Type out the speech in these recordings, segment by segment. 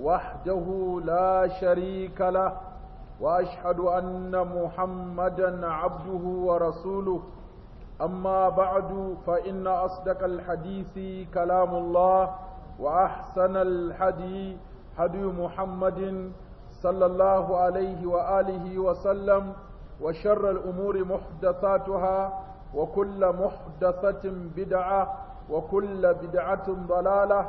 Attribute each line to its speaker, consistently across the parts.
Speaker 1: وحده لا شريك له وأشهد أن محمدا عبده ورسوله أما بعد فإن أصدق الحديث كلام الله وأحسن الحدي حدي محمد صلى الله عليه وآله وسلم وشر الأمور محدثاتها وكل محدثة بدعة وكل بدعة ضلالة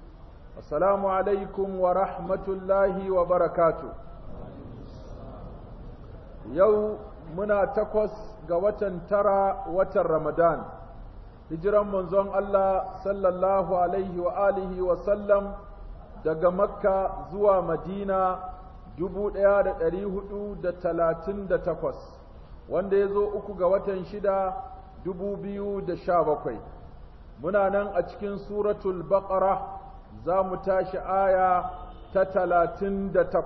Speaker 1: Assalamu alaikum wa rahmatullahi wa barakatu. Yau muna takwas ga watan tara watan Ramadan, hijiran manzon Allah sallallahu alaihi wa alihi wa sallam daga Makka zuwa Madina dubu ɗaya da ɗari hudu da talatin da takwas, wanda ya zo uku ga watan shida dubu biyu da sha bakwai. Muna nan a cikin suratul bakara za mu آية aya ta talatin da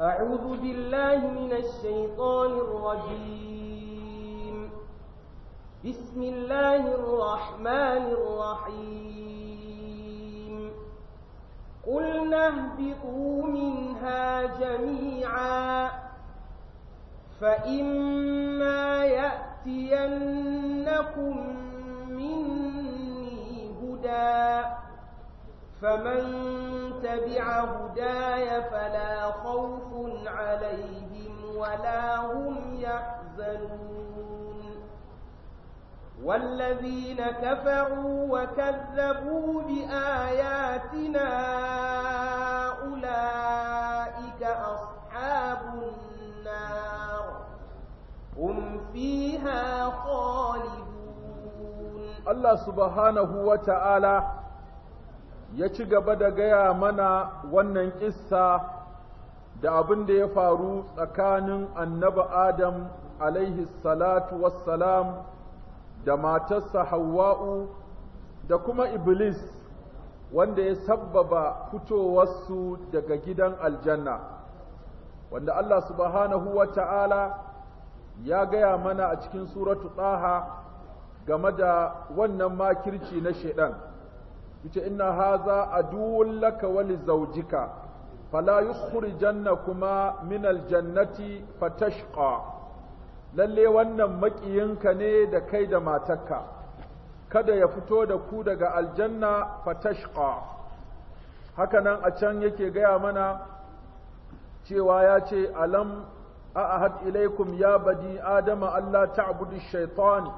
Speaker 2: أعوذ بالله من الشيطان الرجيم بسم الله الرحمن الرحيم قلنا اهبطوا منها جميعا فإما يأتينكم منا هدى فمن تبع هداي فلا خوف عليهم ولا هم يحزنون والذين كفروا وكذبوا بآياتنا أولئك أصحاب النار هم فيها خالدون Allah
Speaker 1: subhanahu wa ta'ala ya ci gaba da gaya mana wannan ƙissa da abin da ya faru tsakanin annaba Adam alaihi salatu wassalam da matarsa Hawwa'u da kuma Iblis wanda ya sabbaba fitowarsu daga gidan aljanna wanda Allah subhanahu wa ta'ala ya gaya mana a cikin suratu ɗaha game da wannan makirci na shaidan yace inna haza adul laka wal zawjika fala yukhrijannakuma min aljannati fatashqa lalle wannan makiyinka ne da kai da matarka kada ya fito da ku daga aljanna fatashqa nan a can yake gaya mana cewa ya ce alam a'ahad ilaikum ya badi. adama Allah ta'budu shaitani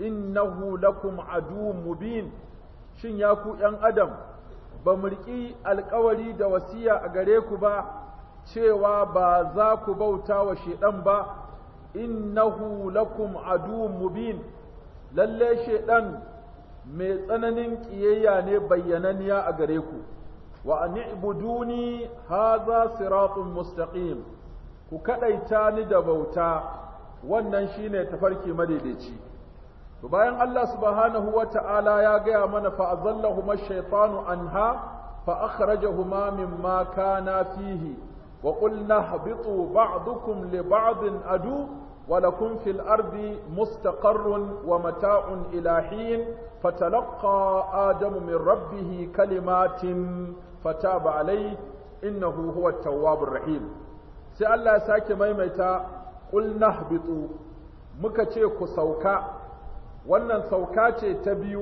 Speaker 1: innahu lakum adu mubin shin ya ku ‘yan adam ba murƙi alkawari da wasiya a gare ku ba cewa ba za ku bauta wa shaiɗan ba innahu lakum adu mubin lalle shaiɗan mai tsananin ƙiyayya ne bayyananniya a gare ku wa an ibuduni haza siratun mustaqim ku kaɗaita ni da bauta wannan shine tafarki madaidaici to bayan Allah subhanahu wa ta'ala ya gaya mana mashaifanu shaitanu anha fa'akharajahuma mimma na fihi wa qulna habitu ba'dukum li adu wa lakum fil ardi mustaqarrun wa mata'un ilahin fatalaka adamu min rabbihi kalimatin fataba alayhi innahu huwa at-tawwabur rahim sai Allah ya sake maimaita qulna habitu muka ce ku sauka wannan sauka ce ta biyu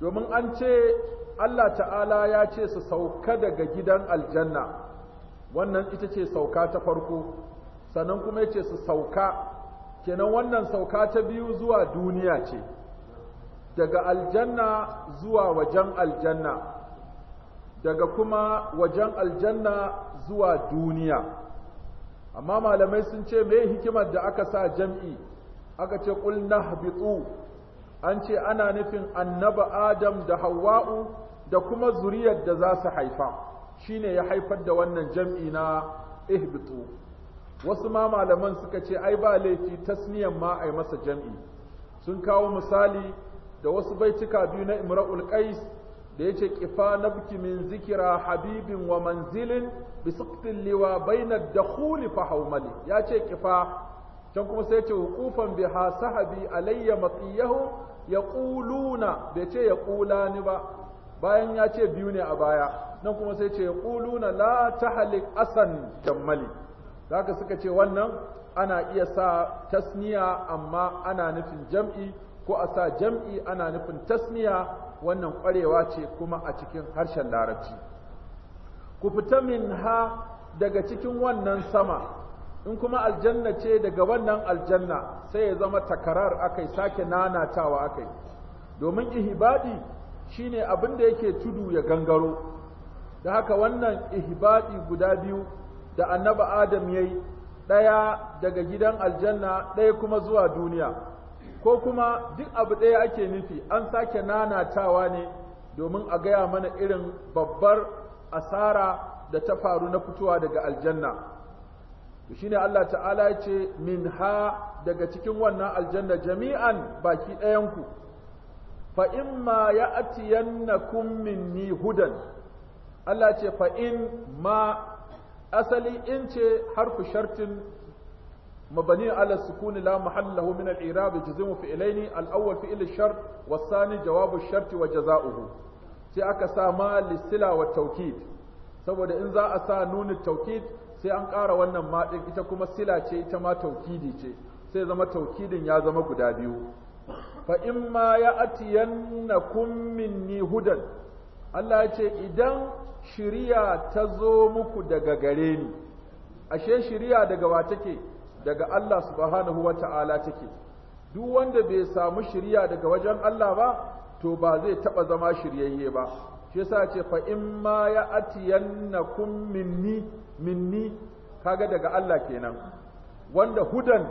Speaker 1: domin an ce Allah ta'ala ya ce su sauka daga gidan aljanna wannan ita ce sauka ta farko sannan kuma ya ce su sauka kenan wannan sauka ta biyu zuwa duniya ce daga aljanna zuwa wajen aljanna daga kuma wajen aljanna zuwa duniya amma malamai sun ce mai hikimar da aka sa jam'i aka ce qul nahbitu an ce ana nufin annaba adam da hawa'u da kuma zuriyar da za su haifa shine ya haifar da wannan jam'i na ihbitu wasu ma malaman suka ce ai ba laifi tasniyan ma ai masa jam'i sun kawo misali da wasu baicika biyu na imra'ul qais da ya ƙifa na nabki min zikira habibin wa manzilin bi liwa bainar da huli fa haumali ce ƙifa can kuma sai ce wuqufan biha sahabi alayya maqiyahu yaquluna bai ce ni ba bayan ya ce biyu ne a baya nan kuma sai ce yaquluna la tahlik asan jammali zaka suka ce wannan ana iya sa tasniya amma ana nufin jam'i ko a sa jam'i ana nufin tasniya wannan kwarewa ce kuma a cikin harshen larabci ku fita min ha daga cikin wannan sama in kuma aljanna ce daga wannan aljanna sai ya zama takarar akai sake nanatawa akai domin ihibadi shine abin da yake tudu ya gangaro da haka wannan ihibadi guda biyu da annabi adam yayi daya daga gidan aljanna daya kuma zuwa duniya ko kuma duk abu daya ake nufi an sake nanatawa ne domin a gaya mana irin babbar asara da ta faru na fitowa daga aljanna to shine Allah ta'ala ya ce minha daga cikin wannan aljanna jami'an baki ɗayan ku fa imma ya'tiyannakum minni hudan Allah ce fa in ma asali in ce harfu shartin مبني على السكون لا محل له من الإعراب fi فعلين الأول فعل الشرط والثاني جواب wa وجزاؤه sai aka sa ma lisila wa taukid saboda in za a sa nunin taukid sai an ƙara wannan maɗin. ita kuma sila ce ita ma taukidi ce sai zama taukidin ya zama guda biyu fa in ma ya atiyannakum minni hudan Allah ya ce idan shiriya ta zo muku daga gare ni ashe shiriya daga wa take daga Allah subhanahu ta'ala take duk wanda bai samu shiriya daga wajen Allah ba to ba zai taɓa zama shiryayye ba shi yasa ce fa in ma ya atiyannakum minni minni kaga daga Allah kenan wanda hudan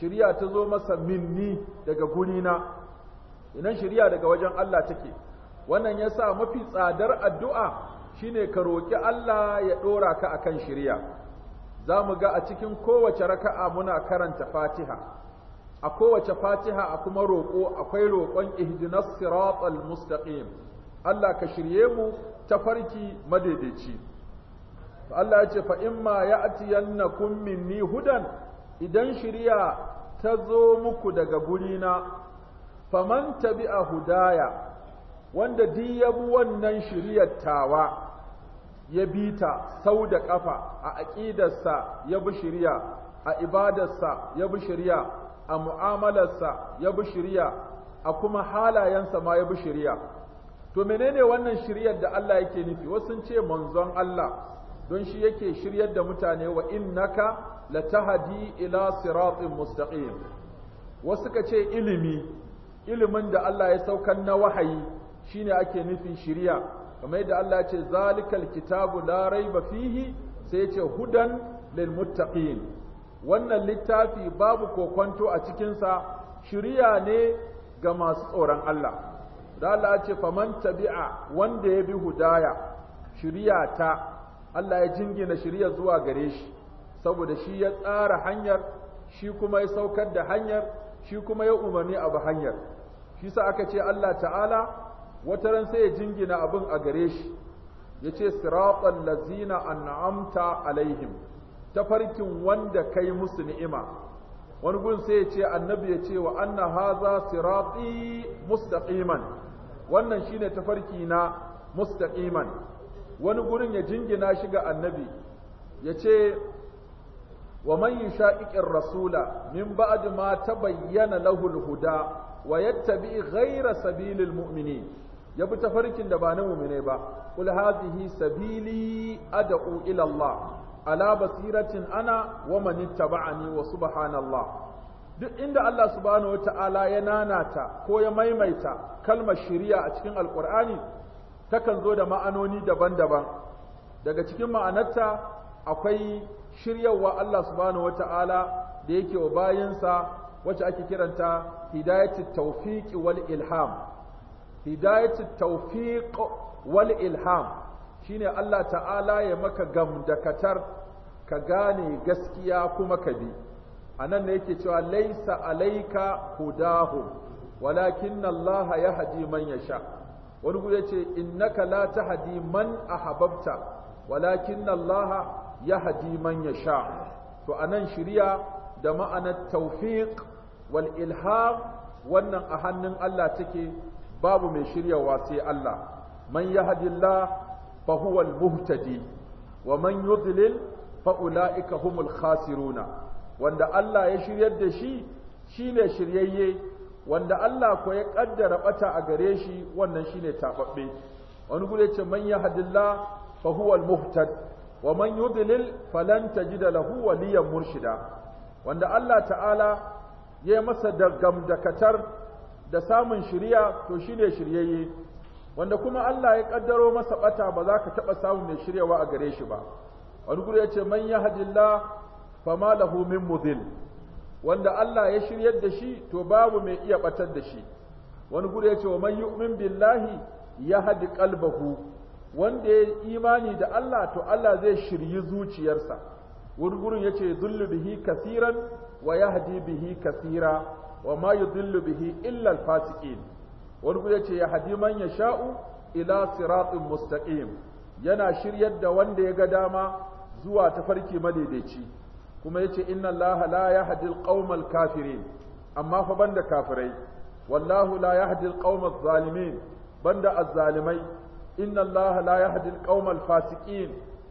Speaker 1: shirya ta zo masa minni daga gurina idan shirya daga wajen Allah take wannan yasa mafi tsadar addu'a shine ka roki Allah ya dora ka akan Za mu ga a cikin kowace raka'a muna karanta Fatiha a kowace Fatiha a kuma roko akwai roƙon ihdinas siratal mustaqim Allah ka shirye mu ta farki madaidaici Allah ya ce fa imma ya'tiyannakum minni hudan idan shiriya ta zo muku daga gurina faman tabi'a hudaya wanda diyabu wannan shiriyar tawa ya bi ta sau da ƙafa a aƙidarsa ya bi shirya a ibadarsa ya bi shirya a mu'amalarsa ya bi shirya a kuma halayensa ma ya bi shirya to menene wannan shiryar da Allah yake nufi wasu ce manzon Allah don shi yake shiryar da mutane wa innaka latahdi ila siratin mustaqim wasu ka ce ilimi ilimin da Allah ya saukan na wahayi shine ake nufin shiriya kamar yadda Allah ya ce zalikal kitabu la raiba fihi sai ya ce hudan lil muttaqin wannan littafi babu kokonto a cikin sa shiriya ne ga masu tsoron Allah da Allah ya ce faman tabi'a wanda ya bi hudaya shiriya ta Allah ya jingina shiriya zuwa gare shi saboda shi ya tsara hanyar shi kuma ya saukar da hanyar shi kuma ya umarni abu hanyar shi sa aka ce Allah ta'ala wata ran sai ya jingina abin a gare shi ya ce siratan lazina an'amta alaihim tafarkin wanda kai musu ni'ima wani gun sai ya ce annabi ya ce wa anna haza sirati mustaqiman wannan shine tafarki na mustaqiman wani gurin ya jingina shi ga annabi yace wa man yushaqiqir rasula min ba'd ma tabayyana lahu al-huda wa yattabi ghayra sabilil mu'minin yabi tafarkin da ba na mu'mine ba qul hadhihi sabili ad'u ila Allah ala basiratin ana wa man ittaba'ani wa subhanallah duk inda Allah subhanahu wata'ala ya nanata ko ya maimaita kalmar shari'a a cikin alkur'ani takan zo da ma'anoni daban-daban daga cikin ma'anarta akwai shiryarwa Allah subhanahu wata'ala da yake wa bayansa wacce ake kiranta hidayatul tawfiq wal ilham hidayatul tawfiq wal ilham shine Allah ta'ala ya maka gamdakatar ka gane gaskiya kuma ka bi anan ne yake cewa laisa alaika hudahum walakin Allah yahdi man yasha wani guda ce innaka la tahdi man ahbabta walakin Allah yahdi man yasha to anan shiriya da ma'anar tawfiq wal ilha wannan a hannun Allah take babu mai shiryawa sai Allah man yahdillah fa huwa al muhtadi wa man yudlil fa ulaika humul khasiruna wanda Allah ya shiryar da shi shi ne shiryayye wanda Allah ko ya kaddara bata a gare shi wannan shi ne tababbe wani gure ce man hadilla fa huwa al-muhtad wa man yudlil falan tajida lahu waliyan murshida wanda Allah ta'ala ya masa da gamdakatar da samun shiriya to shi ne shiryayye wanda kuma Allah ya ƙaddaro masa ɓata ba za ka taɓa samun mai shiryawa a gare shi ba wani gure ya ce man hadilla fama lahu min mudhil wanda Allah ya shiryar da shi to babu mai iya batar da shi wani gure yace wa man yu'min billahi yahdi qalbahu wanda ya imani da Allah to Allah zai shiryi zuciyarsa wani gurin yace dhullu bihi kaseeran wa yahdi bihi kasira. wa ma yudhillu bihi illa al-fasiqin wani gurin yace yahdi man yasha'u ila siratin mustaqim yana shiryar da wanda ya ga dama zuwa tafarki madaidaici kuma ya ce, inna allaha la ya hadil alqaumal kafirin amma fa banda kafirai wallahu la ya yahdi alqaumal zalimin banda azzalimai inna allaha la yahdi alqaumal fasiqin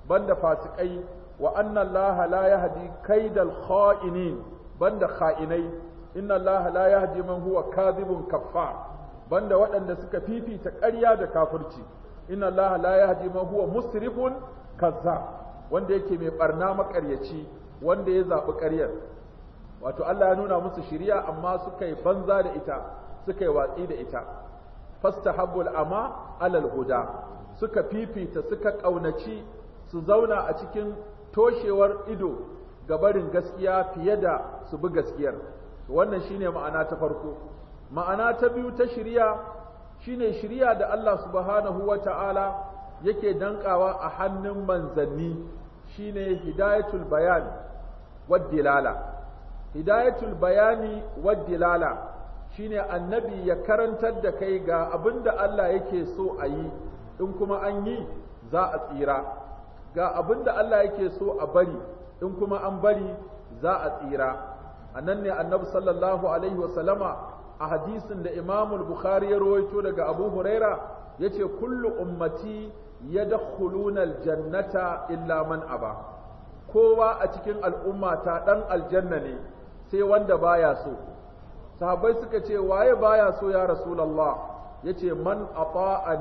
Speaker 1: banda fasikai wa anna allaha la ya yahdi kaidal kha'inin banda kha'inai inna allaha la ya yahdi man huwa kadhibun kaffar banda waɗanda suka fifita ƙarya da kafirci inna allaha la ya yahdi man huwa musrifun kazzab wanda yake mai barna maƙaryaci. wanda ya zaɓi ƙaryar wato Allah ya nuna musu shiriya amma suka yi banza da ita suka yi watsi da ita fasta fastahabbul ama alal huda suka fifita suka ƙaunaci su zauna a cikin toshewar ido ga barin gaskiya fiye da su bi gaskiyar wannan shine ma'ana ta farko ma'ana ta biyu ta shiriya shine shiriya da Allah subhanahu wata'ala yake dankawa a hannun manzanni shine hidayatul bayan waddilala hidayatul bayani waddilala shine annabi ya karantar da kai ga abinda Allah yake so a yi in kuma an yi za a tsira ga abinda Allah yake so a bari in kuma an bari za a tsira anan ne annabi sallallahu alaihi wasallama a hadisin da imamul bukhari ya rawaito daga abu huraira yace kullu ummati yadkhuluna aljannata illa man aba kowa a cikin al'umma ta ɗan aljanna ne sai wanda baya so sahabbai suka ce waye baya so ya Ya ce man da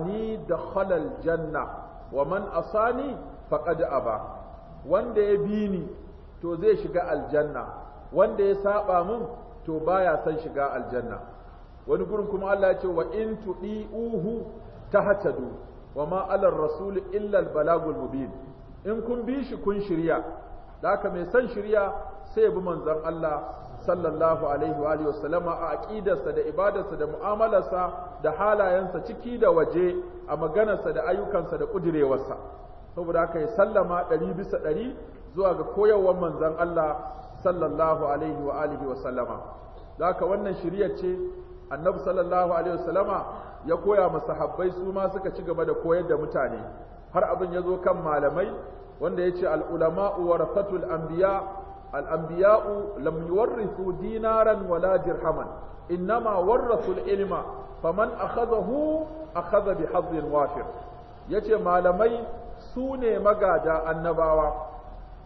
Speaker 1: dakhala janna wa man asani faqad aba wanda ya bi ni to zai shiga aljanna wanda ya saba mun to baya son shiga aljanna wani gurin kuma Allah ce wa in tudiuhu tahtadu wa ma'alar ala rasul illa balagul mubin in kun bi shi kun shirya da aka mai son shirya sai bi manzan Allah sallallahu alaihi wa alihi wasallama a aqidarsa da ibadarsa da mu'amalarsa da halayensa ciki da waje a maganarsa da ayyukansa da kudirewarsa saboda haka ya sallama ɗari bisa ɗari zuwa ga koyarwar manzan Allah sallallahu alaihi wa alihi wasallama da haka wannan shirya ce annabi sallallahu alaihi wasallama ya koya masahabbai su ma suka ci gaba da koyar da mutane har abin ya zo kan malamai wanda ya ce al'ulama'u warasatul anbiya al'ambiya'u lam warrisu dinaran wala inna ma warrasul ilima faman a akhadha bi hazzin wafir yace malamai su ne magada annabawa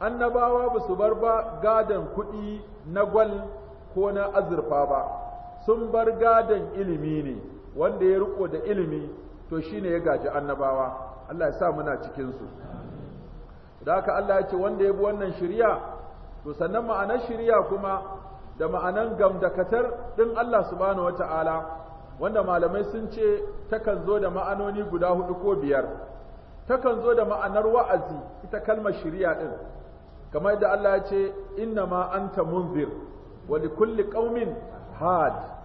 Speaker 1: annabawa ba su bar ba gadon kuɗi na gwal ko na azurfa ba sun bar gadon ilimi ne wanda ya riko da ilimi to shine ya gaji annabawa Allah ya sa muna cikin su da haka Allah ya ce wanda ya bi wannan shari'a to sannan ma'anar shari'a kuma da ma'anan gamdakatar din Allah subhanahu Ta'ala, wanda malamai sun ce takan zo da ma'anoni guda hudu ko biyar takan zo da ma'anar wa'azi ita kalmar shari'a ɗin. kamar da Allah ya ce inna ma anta munzir wa kulli qaumin had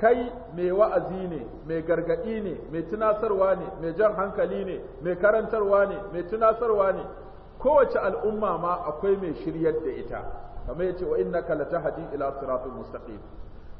Speaker 1: kai mai wa'azi ne mai gargaɗi ne mai tunasarwa ne mai jan hankali ne mai karantarwa ne mai tunasarwa ne kowace al'umma ma akwai mai shiryar da ita kamar yace wa innaka latahdi ila siratul mustaqim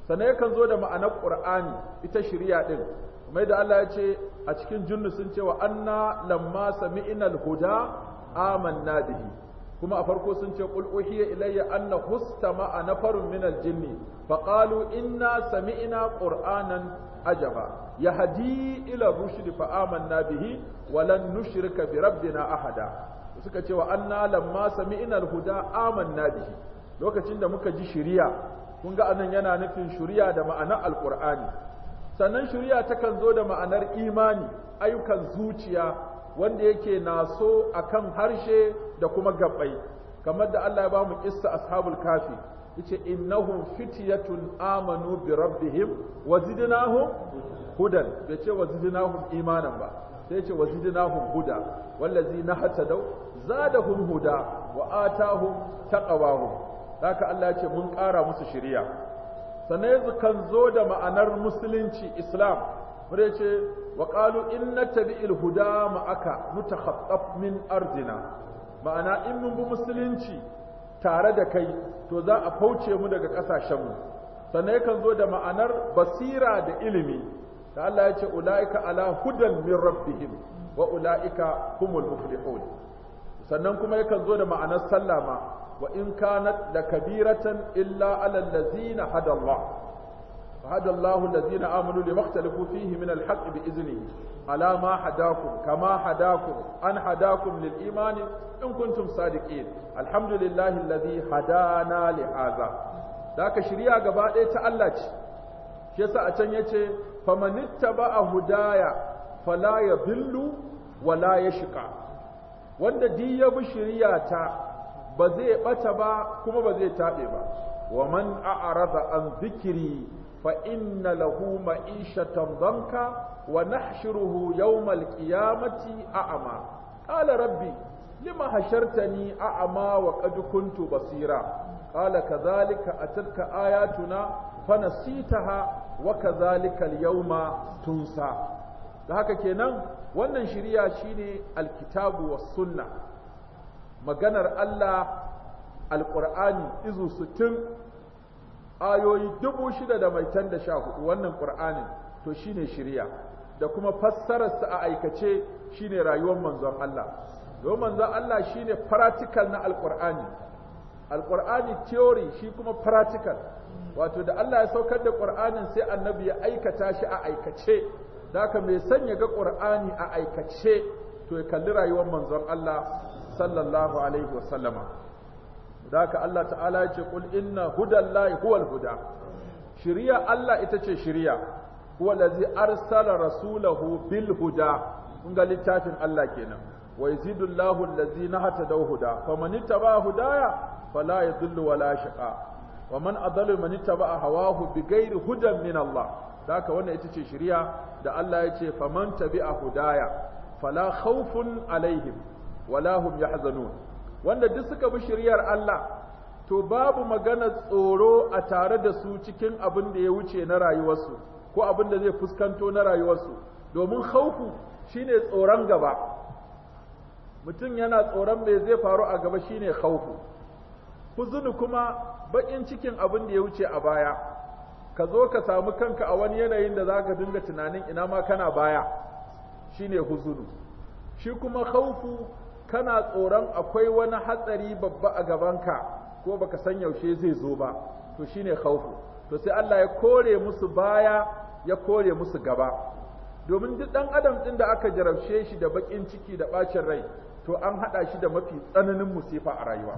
Speaker 1: sannan yakan zo da ma'anar qur'ani ita shiriya din kamar da Allah ya ce a cikin junnu sun ce wa anna lamma sami'na al-huda amanna bihi kuma a farko sun ce qul uhiya ilayya anna hustama a min al-jinni fa qalu inna sami'na qur'anan ajaba yahdi ila rushd fa amanna bihi wa lan nushrika bi rabbina ahada suka ce wa anna lamma sami'na al-huda amanna bihi lokacin da muka ji shiriya kun ga anan yana nufin shiriya da ma'ana alqur'ani sannan shiriya takan zo da ma'anar imani ayyukan zuciya wanda yake naso akan harshe da kuma gabbai kamar da Allah ya ba mu kissa ashabul kafi yace innahum fityatun amanu bi rabbihim wazidnahum hudan bai ce wa imanan ba sai yace wazidnahum huda wallazina hatadaw zadahum huda wa atahum taqawahum haka Allah yace mun ƙara musu shiriya sannan yanzu kan zo da ma'anar musulunci islam mun yace wa qalu inna tabi'il huda ma'aka mutakhaffaf min ardina ma'ana in mun bi musulunci tare da kai to za a fauce mu daga ƙasashenmu sannan yakan zo da ma'anar basira da ilimi da Allah ya ce ula'ika ala hudan min rabbihim wa ula'ika humul muflihun sannan kuma yakan zo da ma'anar sallama wa in kanat la kabiratan illa ala allazina hadallah هدى الله الذين آمنوا لما اختلفوا فيه من الحق بإذنه على ما حداكم كما هداكم أن هداكم للإيمان إن كنتم صادقين الحمد لله الذي هدانا لهذا ذاك شريعة قبائل تألج شيسا أتنيتي فمن اتبع هدايا فلا يضل ولا يشقى wanda duk ya bi shiriyata ba zai bata ba kuma ba zai tabe ba wa man a'rada an zikri فإن له معيشة ضنكا ونحشره يوم القيامة أعمى قال ربي لما حشرتني أعمى وقد كنت بصيرا قال كذلك أتتك آياتنا فنسيتها وكذلك اليوم تنسى haka kenan wannan shiriya shine alkitabu was sunna maganar Allah alqur'ani izu 60 ayoyi dubu shida da mai can da sha hudu wannan ƙur'anin to shi ne shirya da kuma fassarar su a aikace shi ne rayuwar manzon Allah don manzon Allah shi ne practical na alƙur'ani alƙur'ani theory shi kuma faratikal. wato da Allah ya saukar da ƙur'anin sai annabi ya aikata shi a aikace daka mai son ya ga ƙur'ani a aikace to ya kalli rayuwar manzon Allah sallallahu alaihi wasallama da haka Allah ta'ala ya ce qul inna hudallahi huwal huda shiriya Allah ita ce shiriya huwa lazi arsala rasulahu bil huda kun ga littafin Allah kenan wa yazidullahu allazi nahata daw huda faman ittaba hudaya fala yadhillu wala shaqa wa man adallu man ittaba hawahu bighairi hudan min Allah da haka wannan ita ce shiriya da Allah ya ce faman tabi'a hudaya fala khawfun alaihim wala hum yahzanun wanda duk suka bi shiryar Allah to babu magana tsoro a tare da su cikin abin da ya wuce na rayuwarsu ko abin da zai fuskanto na rayuwarsu domin hauku shine tsoron gaba mutum yana tsoron me zai faru a gaba shine hauku huzunu kuma baƙin cikin abin da ya wuce a baya ka zo ka samu kanka a wani yanayin da zaka dinga tunanin ina ma kana baya shine huzunu shi kuma haufu kana tsoron akwai wani hatsari babba a gabanka ko baka san yaushe zai zo ba to shine khaufu to sai Allah ya kore musu baya ya kore musu gaba domin duk dan adam din da aka jarabce shi da bakin ciki da bacin rai to an hada shi da mafi tsananin musifa a rayuwa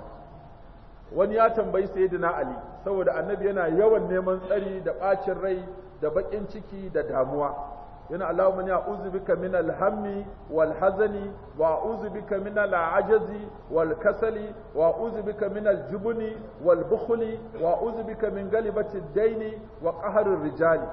Speaker 1: wani ya tambayi sayyidina ali saboda annabi yana yawan neman tsari da bacin rai da bakin ciki da damuwa yana Allahumma ne a bika min alhammi, hammi wal hazani wa a'udhu bika min al-ajazi wal kasali wa a'udhu bika min al wal bukhli wa a'udhu bika min galibati daini wa qahri rijali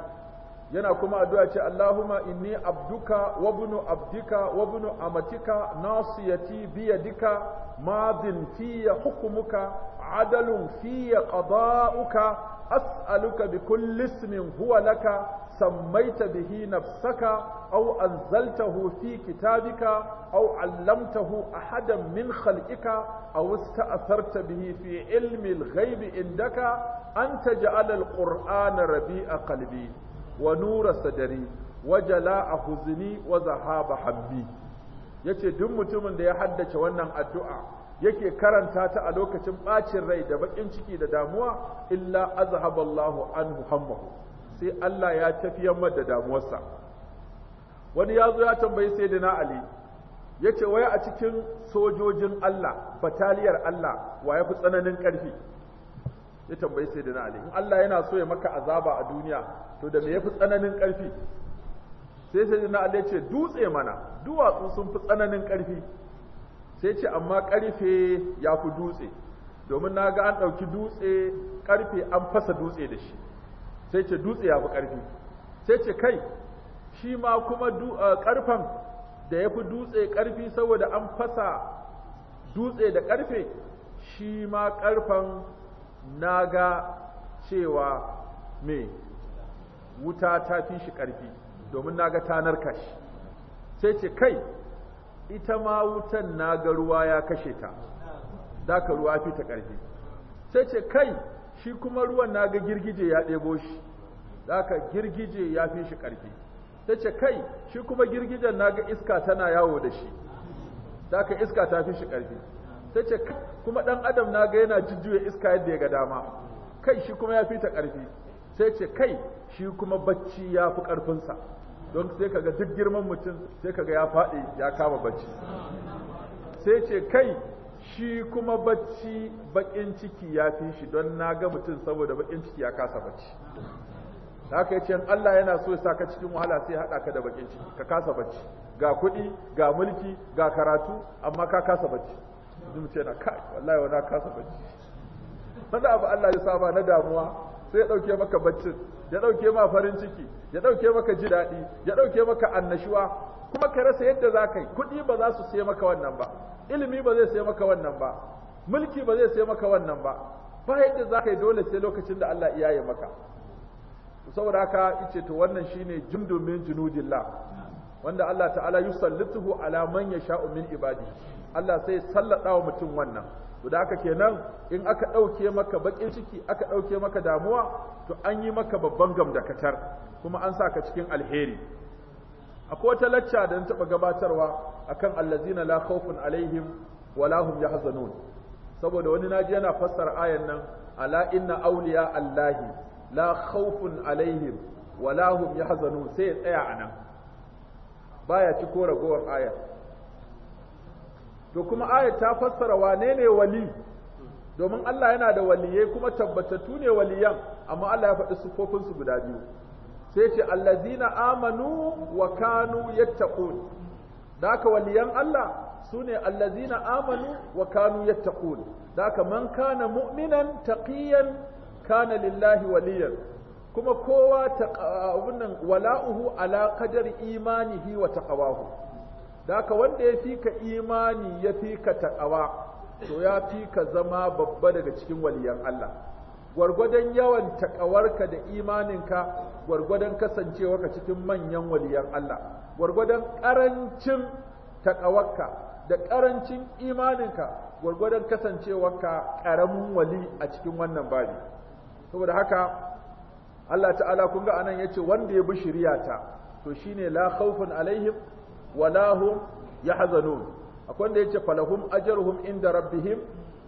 Speaker 1: yana kuma addu'a ce Allahumma inni abduka wa ibnu abdika wa ibnu amatika nasiyati bi yadika madin fi hukmuka adalun fi qada'uka as'aluka bi kulli ismin huwa laka sammaita bihi nafsaka aw anzaltahu fi kitabika aw 'allamtahu ahadan min khalqika aw ista'tharta bihi fi ilmi al-ghaib indaka an taj'ala al-qur'ana rabi'a qalbi wa nura sadari, wa jala'a huzni wa zahaba Habbi. yace duk mutumin da ya haddace wannan addu'a yake karanta ta a lokacin bacin rai da bakin ciki da damuwa illa azhaballahu an Muhammad. sai Allah ya tafiyar masa da damuwarsa wani ya zo ya tambayi sayyidina Ali yace wai a cikin sojojin Allah bataliyar Allah wa yafi tsananin karfi ya tambayi sayyidina Ali in Allah yana so ya maka azaba a duniya to da me yafi tsananin karfi sai sayyidina Ali ya ce dutse mana duwatsu sun fi tsananin ƙarfi. sai ce amma karfe ya fi dutse domin na ga an ɗauki dutse karfe an fasa dutse da shi sai ce dutse ya fi ƙarfi. sai ce kai shi ma kuma eh, ƙarfen da ya fi dutse ƙarfi saboda an fasa dutse da ƙarfe, shi ma ƙarfen na ga cewa me wuta ta fi shi ƙarfi, domin na ga tanar kashi sai ce kai ita ma wutan na ga ruwa ya kashe ta
Speaker 2: da ka ruwa fi ta
Speaker 1: ƙarfi sai ce kai shi kuma ruwan na ga girgije ya ɗebo shi da ka girgije ya fi shi ƙarfi sai ce kai shi kuma girgijen na ga iska tana yawo da shi da ka iska ta fi shi ƙarfi sai ce kuma ɗan adam na ga yana jujjuya iska yadda ya ga dama kai shi kuma ya fi ta ƙarfi sai ce kai shi kuma bacci ya fi ƙarfinsa don sai kaga duk girman mutum sai kaga ya faɗi ya kama bacci sai ce kai shi kuma bacci bakin ciki ya fi shi don na ga mutum saboda bakin ciki ya kasa bacci haka yi ce Allah yana so ya saka cikin wahala sai haɗa ka da bakin ciki ka kasa bacci ga kuɗi ga mulki ga karatu amma ka kasa bacci yanzu ce na kai wallahi na kasa bacci wanda abu Allah ya saba na damuwa sai ya ɗauke maka baccin ya ɗauke ma farin ciki ya ɗauke maka ji daɗi ya ɗauke maka annashuwa kuma ka rasa yadda za ka yi kuɗi ba za su sai maka wannan ba ilimi ba zai sai maka wannan ba mulki ba zai sai maka wannan ba ba yadda za yi dole sai lokacin da Allah iya yi maka saboda haka yace to wannan shine jim min junudillah wanda Allah ta'ala yusallituhu ala man yasha'u min ibadi Allah sai sallada wa mutum wannan to da aka kenan in aka ɗauke maka baƙin ciki aka ɗauke maka damuwa to an yi maka babban gamdakatar kuma an sa ka cikin alheri akwai wata lacca da na taɓa gabatarwa akan allazina la khawfun alaihim wala hum yahzanun saboda wani naji yana fassara ayan nan ala inna awliya allahi la khawfun alaihim walahum ya yahzanun sai ya tsaya anan baya ci ko ragowar ayar to kuma ayat ta fassara wane ne wali domin Allah yana da waliyai kuma tabbatattu ne waliyan amma Allah ya faɗi siffofin su guda biyu sai ce allazina amanu wa kanu yattaqun da ka waliyan Allah sune allazina amanu wa kanu yattaqun da ka man kana mu'minan taqiyan kana lillahi waliyan kuma kowa abun nan wala'uhu ala qadari imanihi wa taqawahu daka wanda ya fi ka imani ya fi ka taƙawa to ya fi ka zama babba daga cikin waliyan Allah gwargwadon yawan taƙawarka da imaninka gwargwadon kasancewarka cikin manyan waliyan Allah gwargwadon ƙarancin taƙawarka da ƙarancin imaninka gwargwadon kasancewarka ƙaramin wali a cikin wannan babi saboda haka Allah ta'ala kun ga anan yace wanda ya bi shiriyata to shine la khawfun alaihim wala hum yahzanun akwai da yace falahum ajruhum inda rabbihim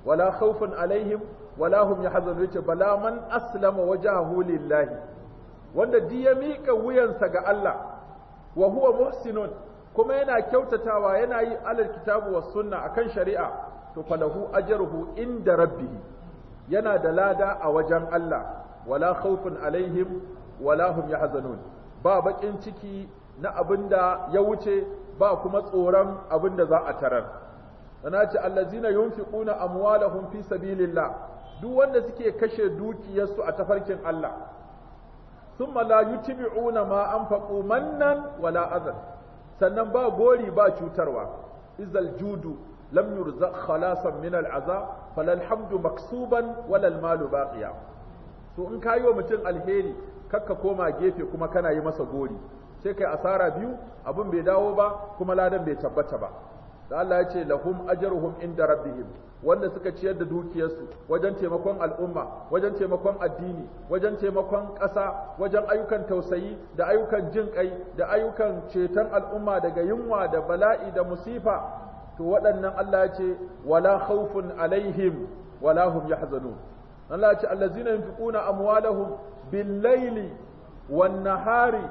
Speaker 1: wala khawfun alaihim wala hum yahzanun yace bala man aslama wajhahu lillahi wanda di ya mika wuyansa ga Allah wa huwa muhsinun kuma yana kyautatawa yana yi alal kitabu was sunna akan shari'a to falahu ajruhu inda rabbihi yana da lada a wajen Allah wala khawfun alaihim wala hum yahzanun ba bakin ciki na abinda ya wuce ba kuma tsoron abin da za a tarar sana ce allazina yunfiquna amwalahum fi sabilillah duk wanda suke kashe dukiyarsu a tafarkin Allah thumma la yutbi'una ma anfaqu mannan wala adhan sannan ba gori ba cutarwa izal judu lam yurzaq khalasan min al'aza falal hamdu maksuban walal malu baqiya so in kayi wa mutum alheri kakka koma gefe kuma kana yi masa gori sai kai asara biyu abun bai dawo ba kuma ladan bai tabbata ba da Allah ya ce lahum ajruhum inda rabbihim wanda suka ciyar da dukiyarsu wajen taimakon al'umma wajen taimakon addini wajen taimakon ƙasa wajen ayyukan tausayi da ayyukan jin kai da ayyukan ceton al'umma daga yunwa da bala'i da musifa to waɗannan Allah ya ce wala khawfun alaihim wala hum yahzanun Allah ya ce allazina yunfiquna amwalahum bil-laili wan-nahari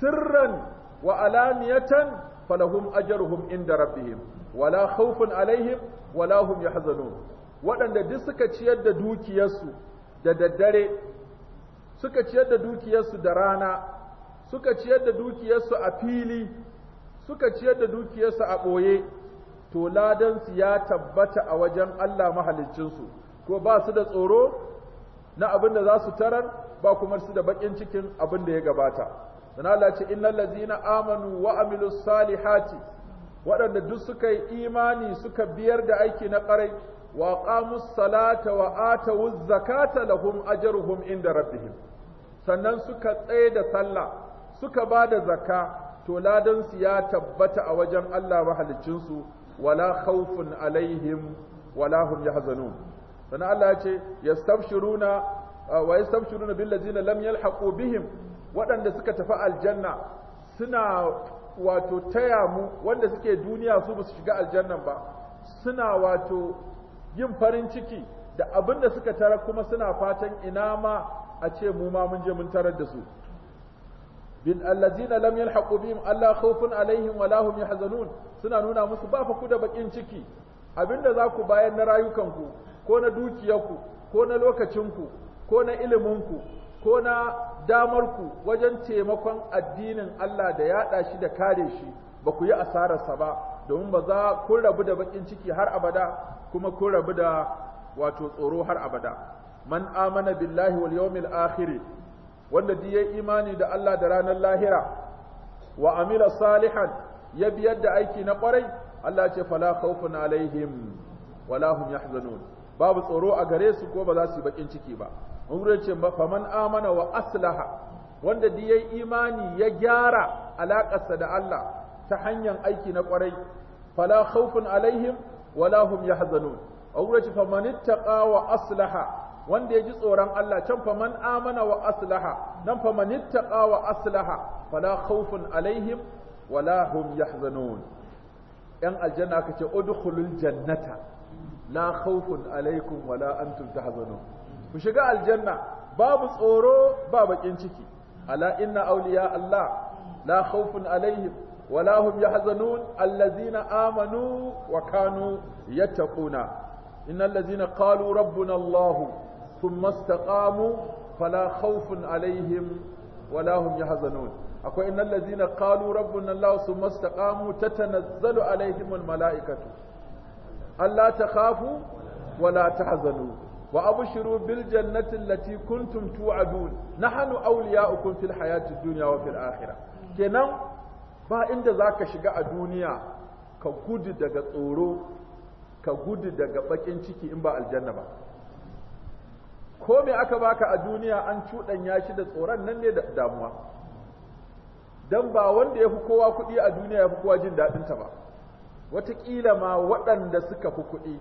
Speaker 1: sirran wa alaniyatan falahum ajruhum inda rabbihim wala khawfun alaihim wala hum yahzanun waɗanda duk suka ciyar da dukiyarsu da daddare suka ciyar da dukiyarsu da rana suka ciyar da dukiyarsu a fili suka ciyar da dukiyarsu a ɓoye to ladansu ya tabbata a wajen Allah mahaliccinsu ko ba su da tsoro na abin da za su tarar ba kuma su da baƙin cikin abin da ya gabata sana Allah ce innal ladzina amanu wa amilus salihati waɗanda duk suka yi imani suka biyar da aiki na ƙarai wa qamus salata wa atawuz zakata lahum ajruhum inda rabbihim sannan suka tsaye da sallah suka ba da zakka to Ladansu ya tabbata a wajen Allah mahalicin su wala khawfun alaihim wala hum yahzanun sana Allah ya ce yastabshiruna wa yastabshiruna bil ladzina lam yalhaqu bihim waɗanda suka tafi aljanna suna wato taya mu wanda suke duniya su ba su shiga Aljanna ba suna wato yin farin ciki da abin da suka tarar kuma suna fatan ina ma a ce mu ma mun je mun tarar da su Bin allazina lam yalhaqu bihim alla khawfun alaihim wa lahum yahzanun suna nuna musu ba fa ku da bakin ciki abinda za ku bayar na rayukanku ko na dukiyarku ko na lokacinku ko na iliminku ko na damarku wajen taimakon addinin Allah da yaɗa shi da kare shi ba ku yi asararsa ba domin ba za kun rabu da bakin ciki har abada kuma kun rabu da wato tsoro har abada man amana billahi wal yawmil akhir wanda duk yayi imani da Allah da ranar lahira wa amila salihan ya biyar da aiki na kwarai Allah ce fala khawfun alaihim wala hum yahzanun babu tsoro a gare su ko ba za su yi bakin ciki ba umar fa man amana wa aslaha wanda duk yayi imani ya gyara alakarsa da Allah ta hanyar aiki na kwarai fala khawfun alaihim wala hum yahzanun umar fa man ittaqa wa aslaha wanda ya ji tsoron Allah can fa man amana wa aslaha nan fa man ittaqa wa aslaha fala khawfun alaihim wala hum yahzanun yan aljanna kace udkhulul jannata la khawfun alaikum wala antum tahzanun ku shiga aljanna babu tsoro ba bakin ciki ala inna awliya Allah la khawfun alaihim wala hum yahzanun allazina amanu wa kanu yattaquna innal ladzina qalu rabbuna Allah thumma istaqamu fala khawfun alaihim wala hum yahzanun akwai innal ladzina qalu rabbuna Allah thumma istaqamu tatanazzalu alaihim al mala'ikatu alla takhafu wala tahzanu wa abu shiru biljan na tallafi kun tuntuwa aduni na hannu aure ya ukun fil hayati kenan ba inda za ka shiga a duniya ka gudu daga tsoro ka gudu daga bakin ciki in ba aljanna ba ko me aka baka a duniya an cuɗan ya shi da tsoron nan ne da damuwa dan ba wanda yafi kowa kuɗi a duniya yafi kowa jin daɗinta ba watakila ma waɗanda suka fi kuɗi.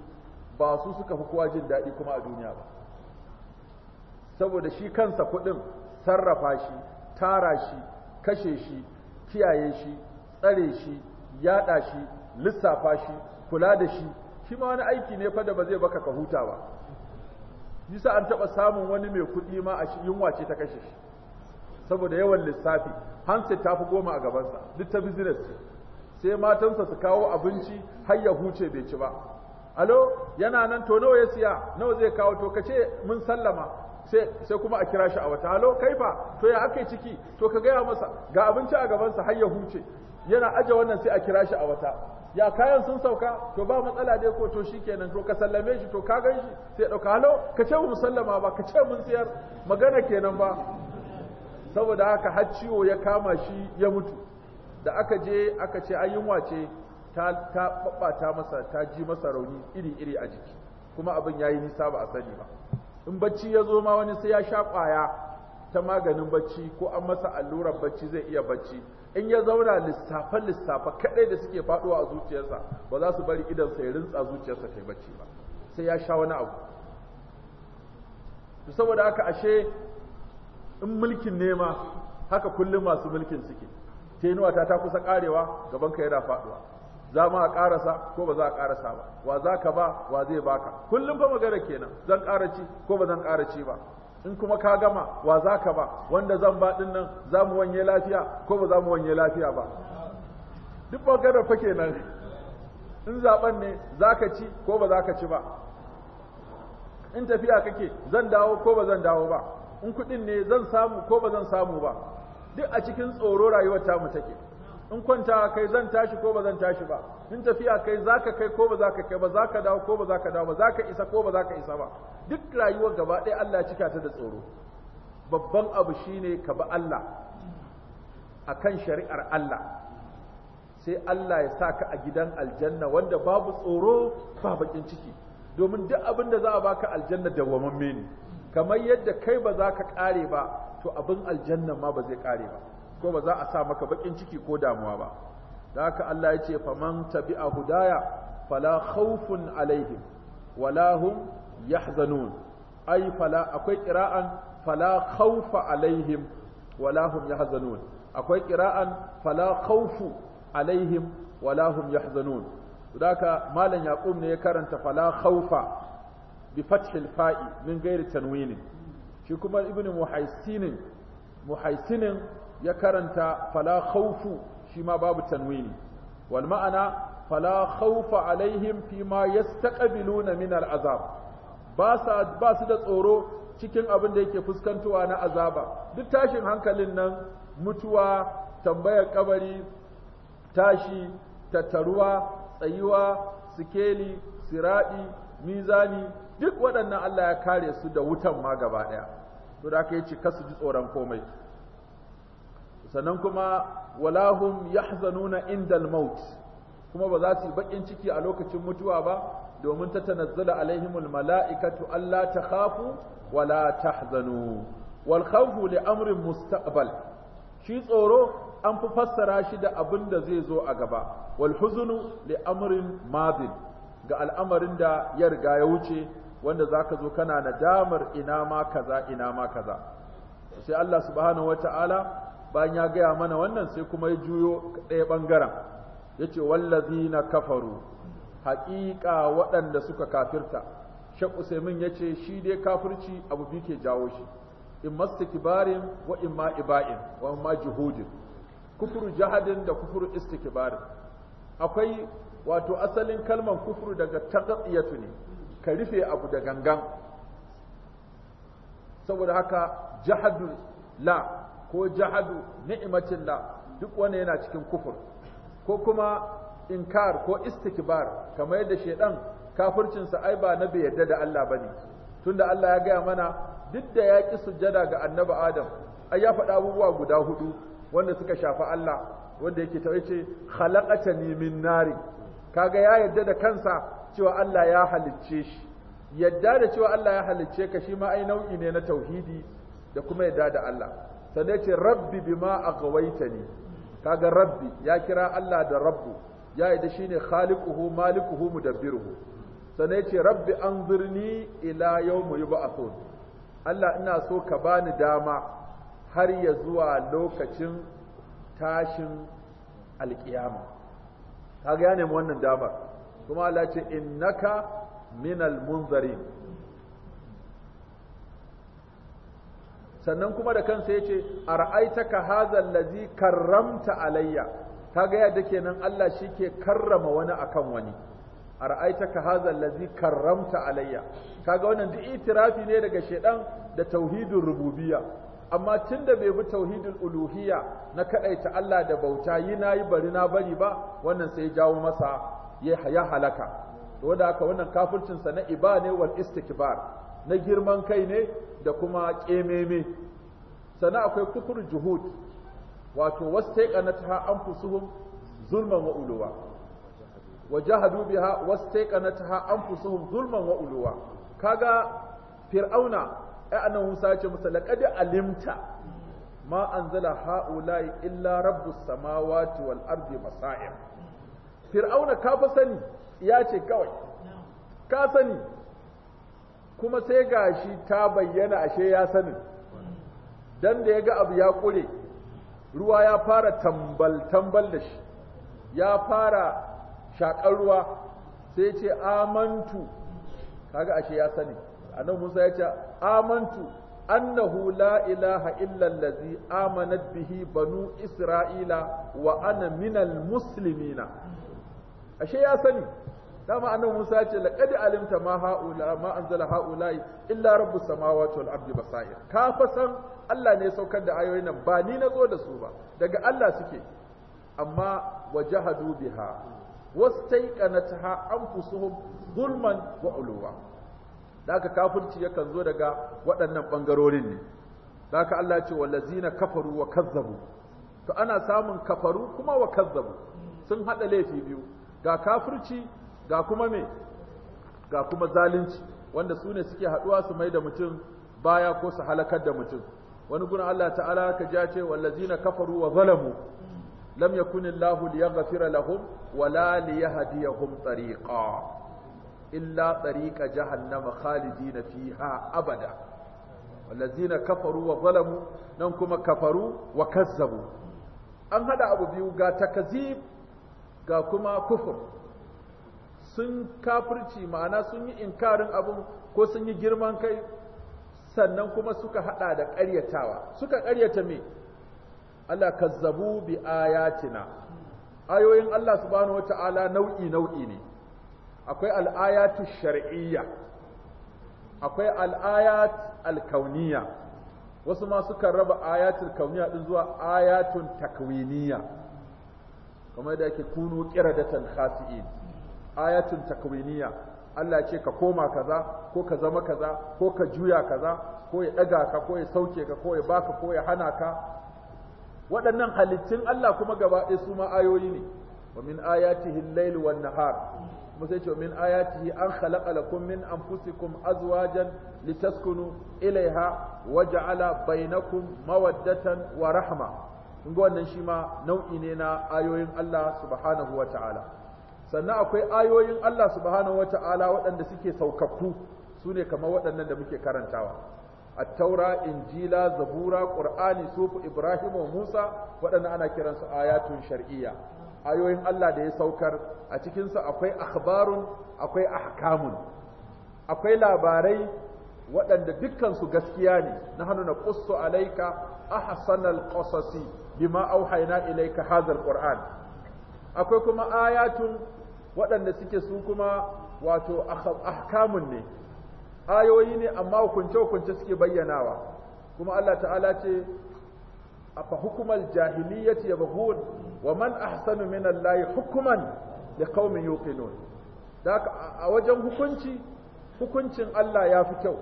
Speaker 1: ba su suka fi kowa jin daɗi kuma a duniya ba saboda shi kansa kuɗin sarrafa shi tara shi kashe shi kiyaye shi tsare shi yaɗa shi lissafa shi kula da shi shi ma wani aiki ne fa da ba zai baka ka huta ba yisa an taɓa samun wani mai kuɗi ma a shi yunwa ce ta kashe shi saboda yawan lissafi hanset ta fi goma a gabansa duk ta business sai matansa su kawo abinci har ya huce bai ci ba alo yana nan to nawa ya siya nawa zai kawo to kace mun sallama sai sai kuma a kira shi a wata alo kaifa to ya akai ciki to ka gaya masa ga abinci a gaban sa har ya huce yana aje wannan sai a kira shi a wata ya kayan sun sauka to ba matsala dai ko to shikenan to ka sallame shi to ka ganshi sai dauka alo kace ce mu sallama ba ka ce mun siyar magana kenan ba saboda haka har ciwo ya kama shi ya mutu da aka je aka ce ayyunwa ce ta ta masa ta ji masa rauni iri-iri a jiki kuma abin yayi nisa ba a sani ba in bacci ya zo ma wani sai ya sha kwaya ta maganin bacci ko an masa allurar bacci zai iya bacci in ya zauna lissafa lissafa kaɗai da suke faɗuwa a zuciyarsa ba za su bari idan ya rintsa zuciyarsa ta bacci ba sai ya sha wani abu to saboda haka ashe in mulkin nema haka kullum masu mulkin suke tenuwa ta ta kusa karewa gaban ka yana faduwa za ma a karasa ko ba za a karasa ba wa za ka ba wa zai baka kullum fa magana kenan zan karaci ko ba zan karaci ba in kuma ka gama wa za ka ba wanda zan ba din nan za mu wanye lafiya ko ba za mu wanye lafiya ba duk maganar fa kenan in zaben ne za ka ci ko ba za ka ci ba in tafiya kake zan dawo ko ba zan dawo ba in kuɗin ne zan samu ko ba zan samu ba duk a cikin tsoro rayuwar tamu take in kwanta kai zan tashi ko ba zan tashi ba in tafiya kai zaka kai ko ba zaka kai ba zaka dawo ko ba zaka dawo ba zaka isa ko ba zaka isa ba duk rayuwar gaba ɗaya Allah cika ta da tsoro babban abu shine ka ba Allah akan shari'ar Allah sai Allah ya saka a gidan aljanna wanda babu tsoro ba bakin ciki domin duk abin da za a baka aljanna dawwamamme ne kamar yadda kai ba za ka ƙare ba to abin aljanna ma ba zai ƙare ba ko ba za a sa maka bakin ciki ko damuwa ba da haka Allah ya ce faman a hudaya fala khawfun alaihim wala hum yahzanun ai fala akwai qira'an fala khawfa alaihim wala hum yahzanun akwai qira'an fala khawfu alaihim wala hum yahzanun haka malam yaqub ne ya karanta fala khawfa bi fathil fa'i min ghairi tanwin shi kuma ibnu muhaisinin muhaisinin ya karanta fala khawfu shi ma babu tanwini wal ma'ana fala khawfa alaihim fi ma yastaqbiluna min al azab ba sa ba su da tsoro cikin abin da yake fuskantowa na azaba duk tashin hankalin nan mutuwa tambayar kabari tashi tattaruwa tsayuwa sikeli siradi mizani duk waɗannan Allah ya kare su da wutan ma gaba ɗaya to da aka yi cika su ji tsoron komai sannan kuma walahum yahzanuna indal maut kuma ba za su baƙin ciki a lokacin mutuwa ba domin ta tanazzala alaihimul mala'ikatu alla takhafu wala tahzanu wal khawfu li amrin mustaqbal shi tsoro an fi fassara shi da abin da zai zo a gaba wal huzunu li amrin madin ga al'amarin da ya riga ya wuce wanda zaka zo kana nadamar ina ma kaza ina ma kaza sai Allah subhanahu wataala bayan ya gaya mana wannan sai kuma ya juyo ɗaya ɓangaren ya ce wallazi na kafaru haƙiƙa waɗanda suka kafirta shek usaimin ya ce shi dai kafirci abu biyu ke jawo shi in kibarin wa in ma iba'in wa ma juhudin kufuru jahadin da kufuru istikibarin. akwai wato asalin kalmar kufuru daga taqiyatu ne ka rufe abu da gangan saboda haka jahadu la ko jahadu la duk wanda yana cikin kufur ko kuma inkar ko istikbar kamar yadda shedan kafircinsa ai ba na bai yarda da Allah bane tunda Allah ya gaya mana duk da ya ki sujjada ga annabi Adam ai ya faɗa abubuwa guda hudu wanda suka shafa Allah wanda yake ta yace khalaqatani min nari kaga ya yadda da kansa cewa Allah ya halicce shi yadda da cewa Allah ya halicce ka shi ma ai nau'i ne na tauhidi da kuma yadda da Allah sannan ce rabbi bima ne kaga rabbi ya kira Allah da rabbu ya yi da shine khaliquhu malikuhu mudabbiruhu Sane ce rabbi anzirni ila yawmi yub'athun Allah ina so ka bani dama har ya zuwa lokacin tashin alkiyama kaga ya nemi wannan damar kuma Allah ce innaka minal munzarin sannan kuma da kansa yace ara'aitaka hazal ladzi karramta alayya kaga yadda kenan Allah shi ke karrama wani akan wani ara'aitaka hazal ladzi karramta alayya kaga wannan duk itirafi ne daga shedan da tauhidin rububiya. amma tunda bai bi tauhidin uluhiya, na kaɗaita Allah da bauta yi nayi bari na bari ba wannan sai ya jawo masa ya halaka to da haka wannan kafircin sa na iba ne wal istikbar na girman kai ne da kuma kememe sannan akwai kufur juhud wato wastaqanatha anfusuhum zulman wa uluwa wajahadu biha wastaqanatha anfusuhum zulman wa uluwa kaga fir'auna ai anan Musa ce masa laqad alimta ma anzala haula'i illa rabbus samawati wal ardi masa'im fir'auna ka fa sani ya ce kawai ka sani kuma sai gashi ta bayyana ashe ya sani. dan da ya ga abu ya kure ruwa ya fara tambal tambal da shi ya fara shakar ruwa sai ce amantu kaga ashe ya sani annabi Musa ya ce amantu annahu la ilaha illa allazi amanat bihi banu isra'ila wa ana minal muslimina ashe ya sani dama annabi Musa ya ce laqad alimta ma haula ma anzala haula illa rabbus samawati wal ardi basair ka fa san Allah ne saukar da ayoyin nan ba ni nazo da su ba daga Allah suke amma wajahadu biha wastaiqanatha anfusuhum zulman wa uluwa daga kafirci yakan zo daga waɗannan bangarorin ne daga Allah ce wallazina kafaru wa kazzabu to ana samun kafaru kuma wa kazzabu sun hada laifi biyu ga kafirci ga kuma me ga kuma zalunci wanda su ne suke haduwa su mai da mutum baya ko su halakar da mutum wani gurin Allah ta'ala ka ja ce wallazina kafaru wa zalamu lam yakunillahu liyaghfira lahum wala liyahdiyahum tariqa illa tariqa jahannama khalidina fiha abada wallazina kafaru wa zalamu nan kuma kafaru wa kazzabu an hada abu biyu ga takazib ga kuma kufur sun kafirci ma'ana sun yi inkarin abin ko sun yi girman kai sannan kuma suka hada da ƙaryatawa suka ƙaryata me Allah kazzabu bi ayatina ayoyin Allah subhanahu wataala nau'i nau'i ne akwai al'ayatu shar'iyya akwai al'ayat alkauniyya wasu ma suka raba ayatul kauniyya din zuwa ayatun takwiniyya kamar da yake kunu qiradatan khasi'in ayatun takwiniya Allah ce ka koma kaza ko ka zama kaza ko ka juya kaza ko ya daga ka ko ya sauke ka ko ya baka ko ya hana ka waɗannan halittun Allah kuma gaba ɗaya su ma ayoyi ne wa min ayatihi al-lail an nahar musai ce min ayatihi an khalaqa lakum min anfusikum azwajan litaskunu ilaiha wa ja'ala bainakum mawaddatan wa rahma kun ga wannan shi ma nau'i ne na ayoyin Allah subhanahu wa ta'ala sannan akwai ayoyin Allah subhanahu wata'ala waɗanda suke saukakku su ne kamar waɗannan da muke karantawa A taura, injila zabura ƙur'ani sufu ibrahim wa musa waɗanda ana kiransu ayatun shar'iyya ayoyin Allah da ya saukar a cikinsu akwai akhbarun akwai ahkamun akwai labarai waɗanda dukkansu gaskiya ne na hannu na ƙussu alaika ahsanal qasasi bima auhaina ilaika hazar ƙur'an. akwai kuma ayatun waɗanda suke su kuma wato ahkamun ne ayoyi ne amma hukunce-hukunce suke bayyanawa kuma Allah ta'ala ce a fa hukumar ya yabghun wa man ahsanu min Allah hukuman liqaumin yuqinun daka a wajen hukunci hukuncin Allah ya fi kyau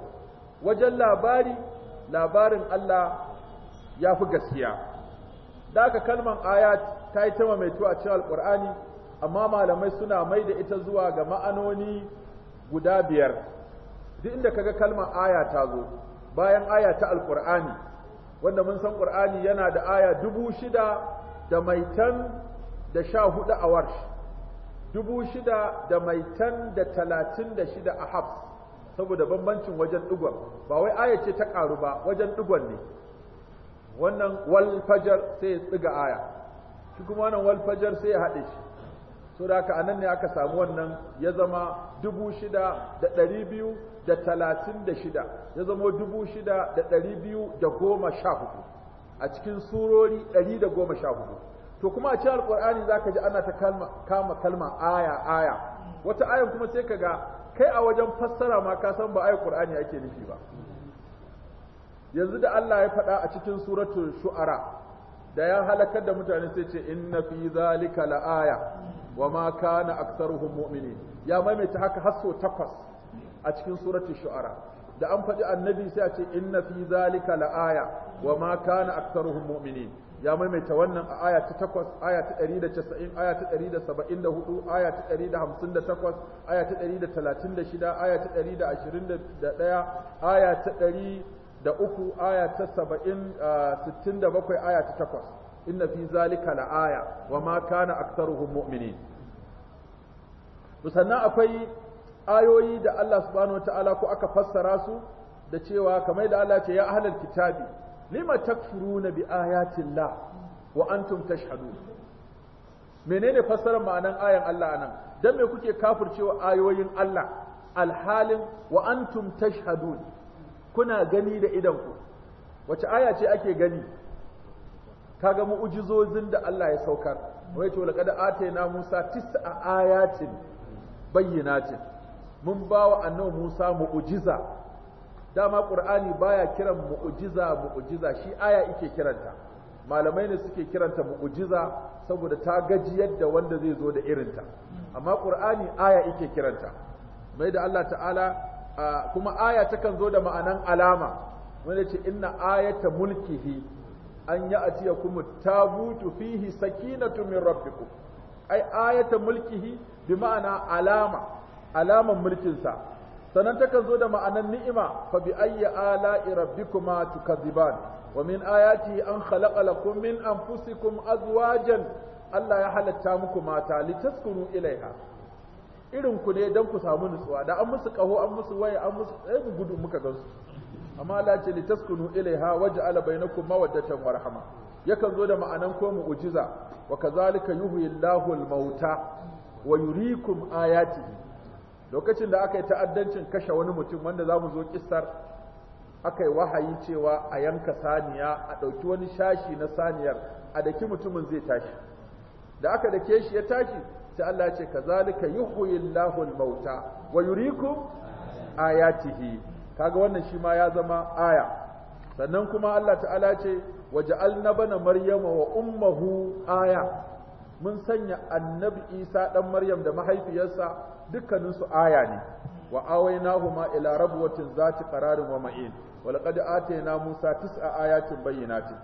Speaker 1: wajen labari labarin Allah ya fi gaskiya daka kalman ayat ta yi tama mai tuwa cikin alqur'ani amma malamai suna mai da ita zuwa ga ma'anoni guda biyar duk inda kaga kalmar aya ta zo bayan aya ta alqur'ani wanda mun san qur'ani yana da aya dubu shida da maitan da sha hudu a warsh dubu shida da maitan da talatin da shida a hafs saboda bambancin wajen digon ba wai aya ce ta karu ba wajen digon ne wannan wal sai ya tsiga aya shi kuma wannan wal sai ya haɗe shi so da haka anan ne aka samu wannan ya zama 6,236 ya zama 6,214 a cikin surori 114 to kuma a cikin alkur'ani za ka ji ana ta kama kalma aya aya wata ayan kuma sai ka ga kai a wajen fassara ma ka san ba ayar qur'ani ake nufi ba yanzu da Allah ya faɗa a cikin suratul shu'ara da ya halakar da mutane sai ce inna fi zalika la'aya wa ma kana aktsaruhum mu'mini ya maimaita haka har so takwas a cikin surati shu'ara da an faɗi annabi sai a ce inna fi zalika la'aya wa ma kana aktsaruhum mu'mini ya maimaita wannan a aya ta takwas, aya ta 190 aya ta 174 aya ta 158 aya ta 136 aya ta 121 aya ta da uku aya ta saba'in sittin da bakwai aya ta takwas inna fi zalika aya wa ma kana aktaruhum mu'minin sannan akwai ayoyi da Allah subhanahu wataala ko aka fassara su da cewa kamar da Allah ce ya ahlal kitabi lima takfuruna bi ayatillah wa antum tashhadun menene fassarar ma'anan ayan Allah anan dan me kuke kafircewa ayoyin Allah alhalin wa antum tashhadun kuna gani da idanku wace aya ce ake gani kaga mu'ujizozin da Allah ya saukar wai to laqad atayna Musa tis'a ayatin bayyinatin mun bawa annabi Musa mu'ujiza dama Qur'ani baya kiran mu'ujiza mu'ujiza shi aya yake kiranta malamai ne suke kiranta mu'ujiza saboda ta gaji yadda wanda zai zo da irinta amma Qur'ani aya yake kiranta mai da Allah ta'ala kuma aya takan zo da ma'anan alama wanda ce inna ayata mulkihi an kuma tabutu fihi sakinatu min rabbikum ai ayata mulkihi bi ma'ana alama alaman mulkinsa sannan takan zo da ma'anan ni'ima fa bi ayyi ala'i rabbikuma tukadziban wa min ayati an khalaqa lakum min anfusikum azwajan Allah ya halatta muku mata litaskunu ilaiha irin ku ne don ku samu nutsuwa da an musu kaho an musu waya an musu sai mu gudu muka gansu amma Allah ce litaskunu ilaiha waj'ala bainakum mawaddatan wa rahma yakan zo da ma'anan ko Ujiza wa kazalika yuhyi Allahu al-mauta wa yuriikum ayatihi lokacin da aka yi ta'addancin kashe wani mutum wanda za mu zo kissar aka wahayi cewa a yanka saniya a ɗauki wani shashi na saniyar a daki mutumin zai tashi da aka dake shi ya tashi sai Allah ya ce kazalika yuhyillahu al-mauta wa yuriikum ayatihi kaga wannan shi ma ya zama aya sannan kuma Allah ta'ala ce waja'alna bana maryama wa ummuhu aya mun sanya annabi Isa dan Maryam da mahaifiyarsa dukkanin su aya ne wa awaynahuma ila rabwatin zati qararin wa ma'in wa laqad atayna Musa tis'a ayatin bayyinatin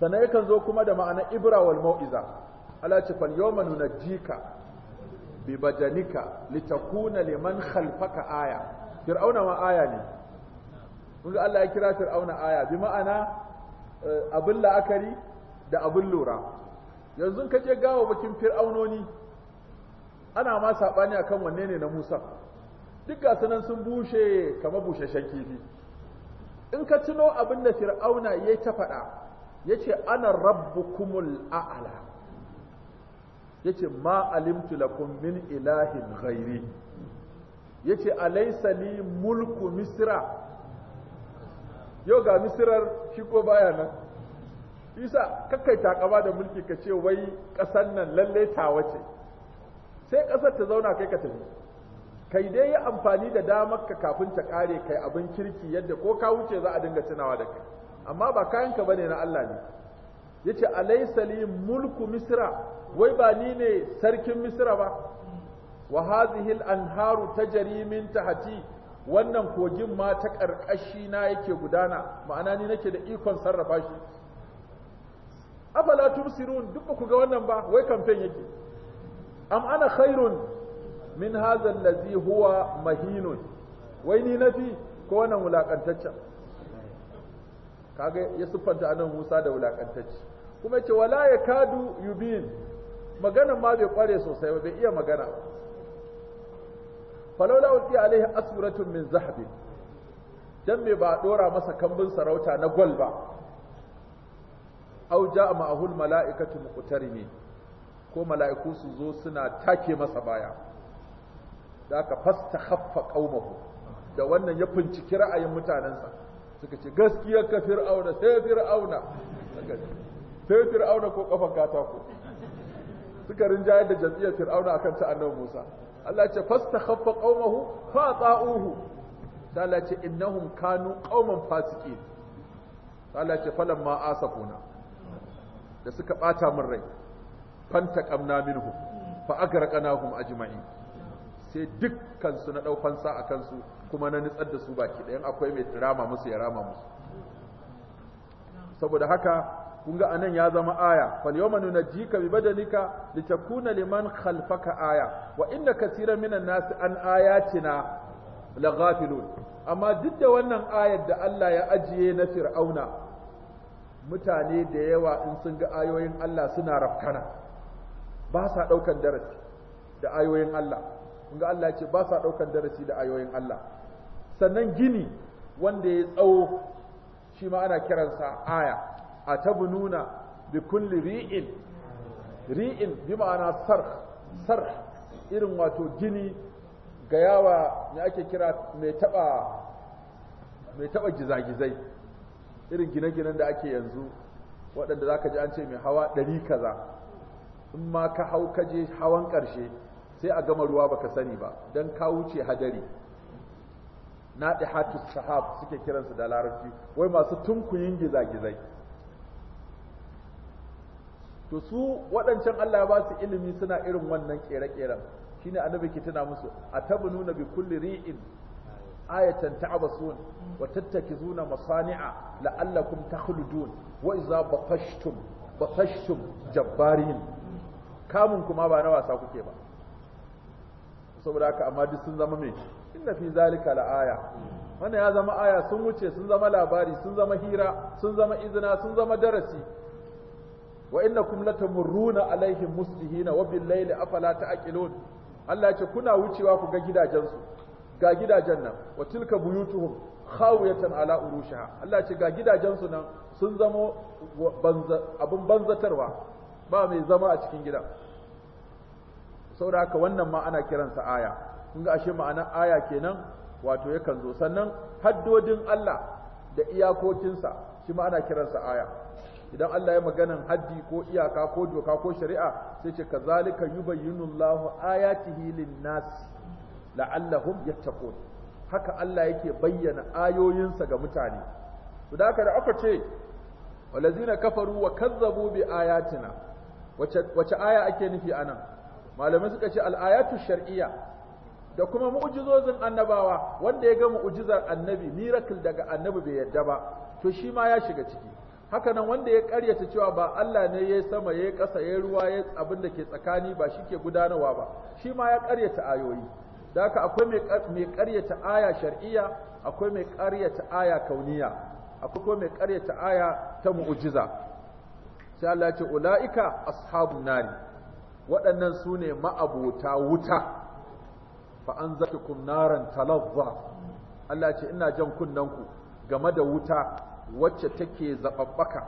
Speaker 1: sannan yakan zo kuma da ma'ana ibra wal mau'iza Allah ce fal yawma nunajjika bi bajanika litakuna liman khalfaka aya fir'auna ma aya ne kun Allah ya kira fir'auna aya bi ma'ana eh, abin la'akari da abin lura yanzu ka je gawo bakin fir'aunoni ana ma sabani akan wanne ne na Musa duk ga sanan sun bushe kamar shanki kifi in ka tuno abin da fir'auna ya ta faɗa yace ana rabbukumul a'la yace ma alimtu lakum min ilahin ghairi yace alaysa li mulku misra yau ga misrar shi ko baya nan isa kakkai takaba da mulki ka ce wai kasar nan lalle ta wace sai ƙasar ta zauna kai ka tafi kai dai yi amfani da damar ka kafin ta kare kai abin kirki yadda ko ka wuce za a dinga tunawa da kai amma ba kayanka bane na Allah ne yace alaysa li mulku misra wai ba ni ne sarkin Misira ba wa hadhihi al-anharu tajri min tahti wannan kogin ma ta karkashi na yake gudana ma'ana ni nake da ikon sarrafa shi afala tubsirun duk ku ga wannan ba wai kamfen yake am ana khairun min hadha allazi huwa mahinun wai ni nafi ko wannan wulakantaccen kage ya siffanta anan Musa da wulakantacce kuma yace wala yakadu yubin maganan ma bai kware sosai ba bai iya magana falola ulki alaihi asburatun min zahabi dan me ba dora masa kambin sarauta na gol ba au ja'a ma'ahul mala'ikatu muqtarimi ko mala'iku su zo suna take masa baya da aka fasta khaffa qaumahu da wannan ya finci ra'ayin mutanensa suka ce gaskiyar ka fir'auna sai fir'auna sai fir'auna ko kafan katako suka rinjayar da jam'iyyar fir'auna akan ta annabi Musa Allah ce fastakhaffa qaumahu fa ta'uhu Allah ce innahum kanu qauman fasiqin Allah ce falamma asafuna da suka bata min rai fanta qamna minhum fa agraqnahum ajma'in sai dukkan su na dau fansa akan su kuma na nitsar da su baki ɗayan akwai mai rama musu ya rama musu saboda haka kun ga anan ya zama aya fal yawma nunajjika bi badanika litakuna liman khalfaka aya wa inna kaseeran minan nasi an ayatina laghafilun amma duk da wannan ayar da Allah ya ajiye na fir'auna mutane da yawa in sun ga ayoyin Allah suna rafkana ba sa daukan darasi da ayoyin Allah kun ga Allah ya ce ba sa daukan darasi da ayoyin Allah sannan gini wanda ya tsawo shi ma ana kiransa aya atabnuna bi kulli ri'in ri'in bi ma'ana sarh sarh irin wato gini ga yawa ne ake kira mai taba mai taba gizagizai irin gine-ginen da ake yanzu waɗanda zaka ji an ce mai hawa ɗari kaza in ma ka hau ka je hawan ƙarshe sai a gama ruwa baka sani ba don ka wuce hadari na hatu sahab suke kiransu da larabci wai masu tunkuyin gizagizai to su waɗancan Allah ya ba su ilimi suna irin wannan ƙere-ƙeren shine annabi ke tana musu atabnuna bi kulli ri'in ayatan ta'abasun wa tattakizuna masani'a la'allakum takhludun wa idza baqashtum baqashtum jabbarin kamun kuma ba na wasa kuke ba saboda haka amma duk sun zama me inna fi zalika la'aya wannan ya zama aya sun wuce sun zama labari sun zama hira sun zama izina sun zama darasi wa innakum latamurruna alaihim musbihina wa bil layli afala ta'qilun Allah ce kuna wucewa ku ga gidajensu ga gidajen nan wa tilka buyutuhum khawiyatan ala urushiha Allah ce ga gidajensu nan sun zama banza abun banzatarwa ba mai zama a cikin gidan saboda haka wannan ma ana kiransa aya kun ga ashe ma'ana aya kenan wato yakan zo sannan haddodin Allah da iyakokinsa shi ma ana kiransa aya idan Allah ya maganan haddi ko iyaka ko doka ko shari'a sai ce kazalika yubayyinullahu ayatihi lin-nas la'allahum yattaqun haka Allah yake bayyana ayoyinsa ga mutane to da da aka ce walazina kafaru wa kazzabu bi ayatina wace wace aya ake nufi anan malamai suka ce al-ayatu shar'iyya da kuma mu'jizozin annabawa wanda ya ga mu'jizar annabi miracle daga annabi bai yadda ba to shi ma ya shiga ciki haka nan wanda ya karyata cewa ba Allah ne ya sama ya ƙasa ya ruwa ya abin da ke tsakani ba shi ke gudanarwa ba shi ma ya karyata ayoyi da haka akwai mai karyata aya shar'iyya akwai mai karyata aya kauniya akwai kuma mai karyata aya ta mu'ujiza. sai Allah ya ce ulaika ashabun nari waɗannan su ne ma'abota wuta fa anzatukum naran talazza Allah ce ina jan kunnanku game da wuta wacce take zababbaka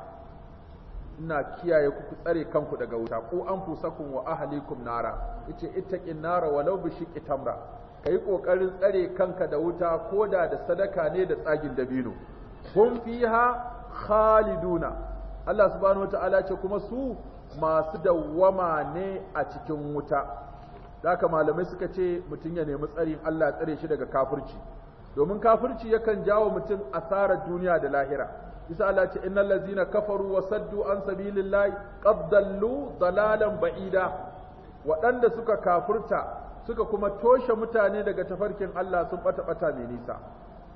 Speaker 1: ina kiyaye ku tsare kanku daga wuta ku anfusakum wa ahlikum nara yace ittaqin nara walau bi shiqqi tamra kai kokarin tsare kanka da wuta koda da sadaka ne da tsagin dabino hum fiha khaliduna Allah subhanahu wataala ce kuma su masu dawwama ne a cikin wuta haka malamai suka ce mutum ya nemi tsarin Allah tsare shi daga kafirci domin kafirci yakan jawo mutum asarar duniya da lahira isa Allah ce innal ladzina kafaru wa saddu an sabilillahi qad dalalan ba'ida waɗanda suka kafurta, suka kuma toshe mutane daga tafarkin Allah sun bata bata mai nisa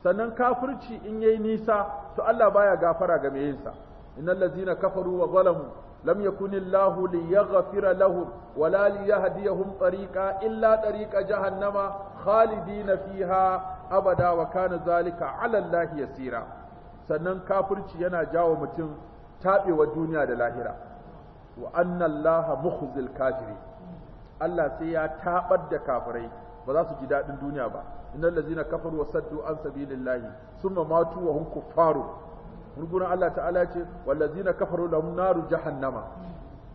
Speaker 1: sannan kafirci in yayi nisa to Allah baya gafara ga mai yinsa innal ladzina kafaru wa zalamu lam yakun Allah liyaghfira lahum wala liyahdiyahum tariqa illa tariqa jahannama khalidina fiha abada wa kana zalika ala Allah yasira sannan kafirci yana jawo mutum tabewa duniya da lahira wa anna Allah mukhzil kafiri Allah sai ya taɓar da kafirai ba za su ji daɗin duniya ba innal ladzina kafaru wa saddu sabilillahi summa matu wa hum kuffaru gurgurin Allah ta'ala ce wallazina kafaru lahum naru jahannama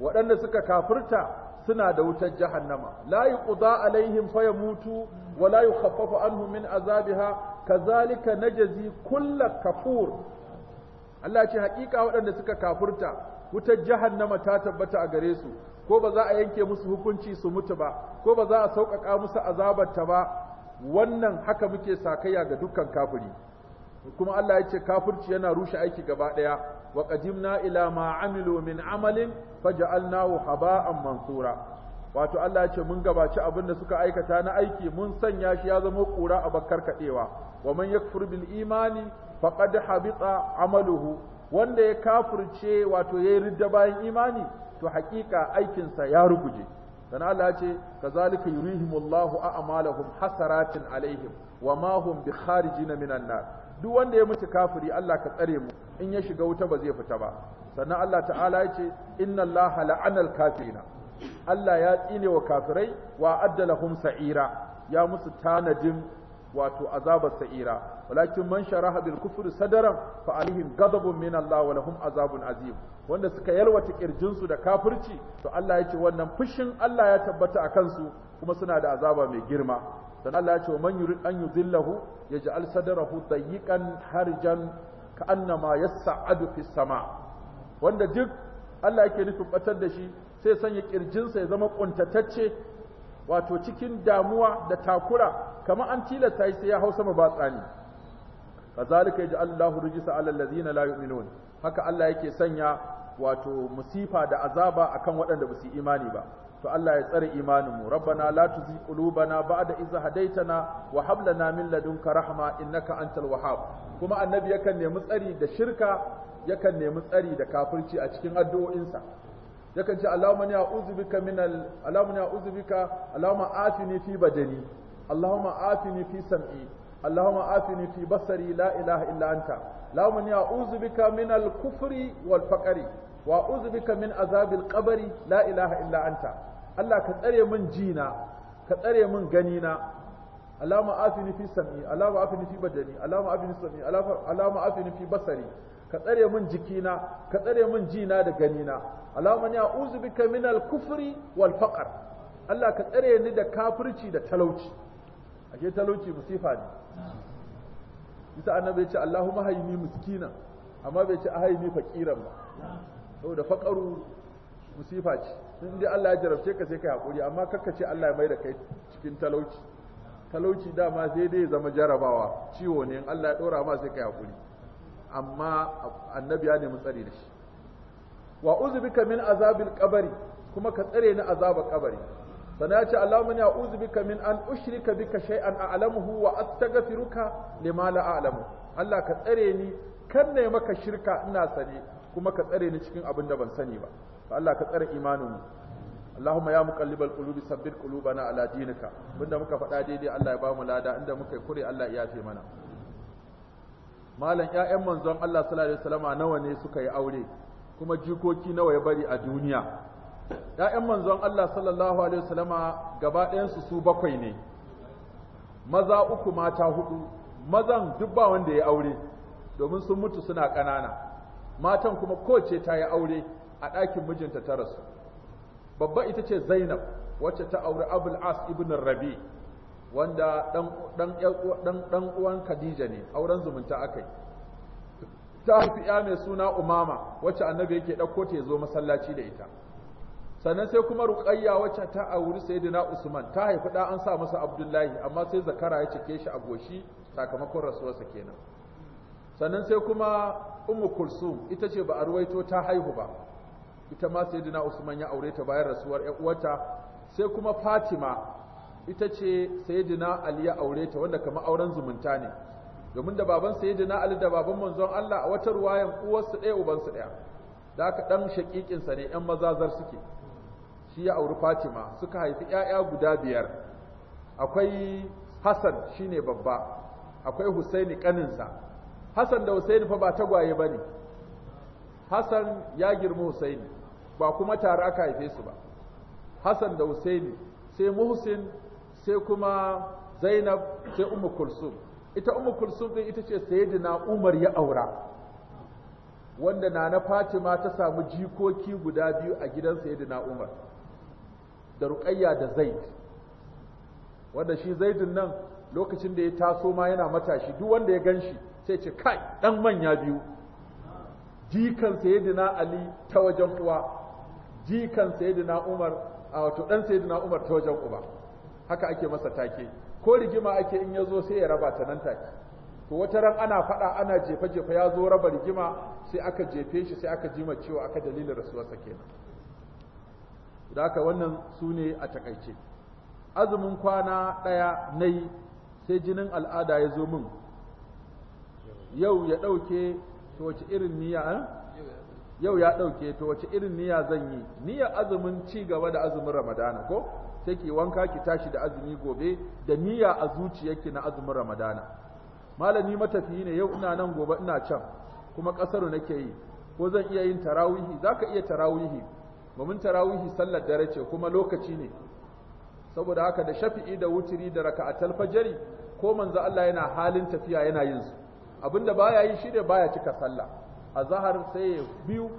Speaker 1: waɗanda suka kafirta suna da wutar jahannama la yuqda alaihim fayamutu wa la yukhaffafu anhum min azabiha kazalika najzi kull kafur Allah ce hakika waɗanda suka kafirta wutar jahannama ta tabbata a gare su ko ba za a yanke musu hukunci su mutu ba ko ba za a sauƙaƙa musu azabarta ba wannan haka muke sakaya ga dukkan kafiri kuma Allah ya ce kafirci yana rushe aiki gaba daya wa qadimna ila ma amilu min amalin faj'alnahu haba'an mansura wato Allah ya ce mun gabaci abin da suka aikata na aiki mun sanya shi ya zama kura a bakkar kadewa wa man yakfur bil imani faqad habita amaluhu wanda ya kafirce wato yayi ridda bayan imani to hakika sa ya ruguje dan Allah ya ce kazalika yurihimullahu a'malahum hasaratin alaihim wa ma hum kharijin minan nar duk wanda ya mutu kafiri Allah ka tsare mu in ya shiga wuta ba zai fita ba sannan Allah ta'ala ya ce inna Allah la'anal kafirina Allah ya tsine wa kafirai wa addalahum sa'ira ya musu tanadin wato azabar sa'ira walakin man sharaha bil kufri sadaran fa alaihim ghadabun min Allah wa lahum azabun azim wanda suka yalwata kirjin su da kafirci to Allah ya ce wannan fushin Allah ya tabbata akan su kuma suna da azaba mai girma dan Allah ya ce man yurid an yudillahu yaj'al sadrahu dayyqan harjan ka'annama yas'adu fis sama wanda duk Allah yake nufin batar da shi sai sanya kirjinsa ya zama kuntatacce wato cikin damuwa da takura kamar an tilasta shi sai ya hausa sama ba tsani kazalika Allah rijsa 'ala alladhina la yu'minun haka Allah yake sanya wato musifa da azaba akan waɗanda ba su imani ba to Allah ya tsare imaninmu rabbana la tuzigh qulubana ba'da idh hadaytana wa hab lana min ladunka rahma innaka antal wahhab kuma annabi yakan nemi tsari da shirka yakan nemi tsari da kafirci a cikin addu'o'insa yakan ce Allahumma ni a'udhu bika min al Allahumma ni a'udhu bika Allahumma afini fi badani Allahumma afini fi sam'i Allahumma afini fi basari la ilaha illa anta Allahumma ni a'udhu bika min al kufri wal faqri wa uzbika min azabil qabri la ilaha illa anta Allah ka tsare min jina ka tsare min ganina alama afini fi sam'i alama afini fi badani alama afini sam'i alama afini fi basari ka tsare min jikina ka tsare min jina da ganina alama ni uzbika min al-kufri wal faqr Allah ka tsare ni da kafirci da talauci Ake talauci musifa ne Isa annabi ya ce Allahumma hayni miskina amma bai ce a ahayni fakiran
Speaker 2: ba
Speaker 1: saboda faƙaru musifa ce Sun dai Allah ya jarabce ka sai kai hakuri amma kakka ce Allah ya mai da kai cikin talauci talauci dama sai dai zama jarabawa ciwo ne Allah ya ɗora ma sai kai hakuri amma annabi ya nemi tsare da shi wa min azabil qabri kuma ka tsare ni azabar kabari sana ya ce Allahumma ya uzbika min an ushrika bika shay'an a'lamuhu wa astaghfiruka lima la a'lamu Allah ka tsare ni kan ne maka shirka ina sane kuma ka tsare ni cikin abin da ban sani ba Allah ka tsare imanin mu Allahumma ya muqallibal qulubi sabbit qulubana ala dinika abinda muka faɗa daidai Allah ya ba mu lada inda muka yi kure Allah ya yafe mana malam ƴaƴan manzon Allah sallallahu alaihi wasallama nawa ne suka yi aure kuma jikoki nawa ya bari a duniya ƴaƴan manzon Allah sallallahu alaihi wasallama gaba ɗayan su su bakwai ne maza uku mata hudu mazan duk ba wanda ya aure domin sun mutu suna ƙanana matan kuma kowace ta yi aure a ɗakin mijinta ta rasu babba ita ce zainab wacce ta auri abul as ibn rabi wanda ɗan uwan khadija ne auren zumunta aka yi ta haifi ya mai suna umama wacce annabi yake ɗauko ta zo masallaci da ita sannan sai kuma rukayya wacce ta auri sayyidina usman ta haifi ɗa an sa masa abdullahi amma sai zakara ya cike shi a goshi sakamakon rasuwarsa kenan sannan sai kuma umu kulsum ita ce ba a ruwaito ta haihu ba ita ma sayyidina usman ya aure ta bayan rasuwar 'yan uwata. sai kuma fatima ita ce sayyidina ali ya aure ta wanda kama auren zumunta ne domin da baban sayyidina ali da baban manzon Allah a wata ruwayan uwarsu ɗaya ubansu ɗaya da aka ɗan shaƙiƙinsa ne 'yan mazazar suke shi ya auri fatima suka haifi 'ya'ya guda biyar akwai shi shine babba akwai husaini ƙaninsa. Hassan da Hussein fa ba tagwaye bane Hassan ya girma Hussein ba kuma tare aka haife su ba Hassan da Hussein sai Muhsin sai kuma Zainab sai Ummu Kulsum ita Ummu Kulsum din ita ce Sayyidina Umar ya aura wanda na na Fatima ta samu jikoki guda biyu a gidan Sayyidina Umar da Ruqayya da Zaid wanda shi Zaidin nan lokacin da ya taso ma yana matashi duk wanda ya ganshi sai ce kai ɗan manya biyu jikan sayyidina ali ta wajen uwa jikan sayyidina umar a wato ɗan sayyidina umar ta wajen uba haka ake masa take ko rigima ake in ya zo sai ya raba ta nan take to wata ran ana faɗa ana jefa jefa ya zo raba rigima sai aka jefe shi sai aka jima cewa aka dalilin rasuwarsa kenan da haka wannan sune a takaice azumin kwana ɗaya na yi sai jinin al'ada ya zo min yau ya ɗauke to wace irin niyya eh? yau ya ɗauke to wace irin niyya zan yi niyya azumin ci gaba da azumin ramadana ko sai wanka ki tashi da azumi gobe da niyya a zuciyarki na azumin ramadana malami matafiyi ne yau ina nan gobe ina can kuma ƙasar nake yi ko zan iya yin tarawihi zaka iya tarawihi domin tarawihi sallar dare ce kuma lokaci ne saboda haka da shafi'i da wutiri da raka'atul fajri ko manzo Allah yana halin tafiya yana yin su abinda baya yi shine baya cika sallah azhar sai ya biyu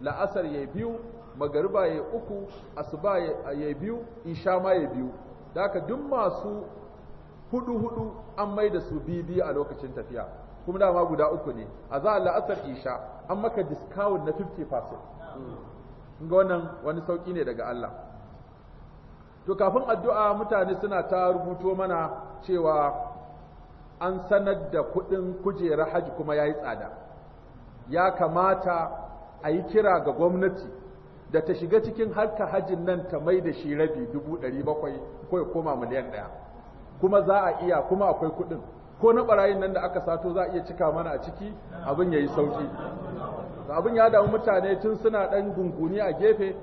Speaker 1: la'asar ya biyu magariba ya uku asuba ya biyu isha ma ya biyu daka duk masu hudu hudu an mai da su bibi a lokacin tafiya kuma dama guda uku ne azhar la'asar isha an maka discount na 50% ga wannan wani sauki ne daga Allah to kafin addu'a mutane suna ta rubuto mana cewa an sanar da kuɗin kujerar haji kuma ya yi tsada ya kamata a yi kira ga gwamnati da ta shiga cikin harka hajjin nan ta mai da shi rabi dubu ɗari bakwai ko koma miliyan ɗaya kuma za a iya kuma akwai kuɗin ko na barayin nan da aka sato za a iya cika mana a ciki abin ya yi sauki abin ya damu mutane tun suna ɗan gunguni a gefe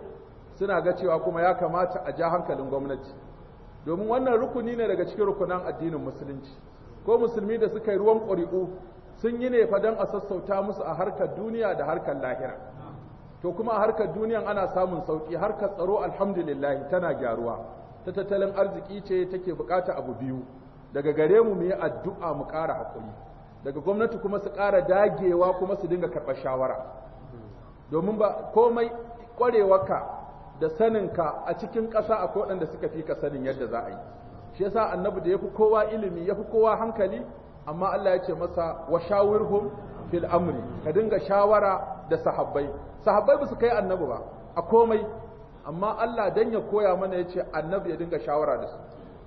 Speaker 1: suna ga cewa kuma ya kamata a ja hankalin gwamnati domin wannan rukuni ne daga cikin rukunan addinin musulunci ko musulmi da suka yi ruwan ƙuri'u sun yi ne fa don a sassauta musu a harkar duniya da harkar lahira to kuma a harkar duniyan ana samun sauƙi harkar tsaro alhamdulillah tana gyaruwa ta tattalin arziki ce take bukata abu biyu daga gare mu mu yi addu'a mu ƙara haƙuri daga gwamnati kuma su ƙara dagewa kuma su dinga karɓar shawara domin ba komai ƙwarewarka da ka a cikin ƙasa akwai waɗanda suka fi ka sanin yadda za a yi shi yasa annabi da yafi kowa ilimi yafi kowa hankali amma Allah ya ce masa wa shawirhum fil amri ka dinga shawara da sahabbai sahabbai ba su kai annabi ba a komai amma Allah dan ya koya mana ya ce annabi ya dinga shawara da su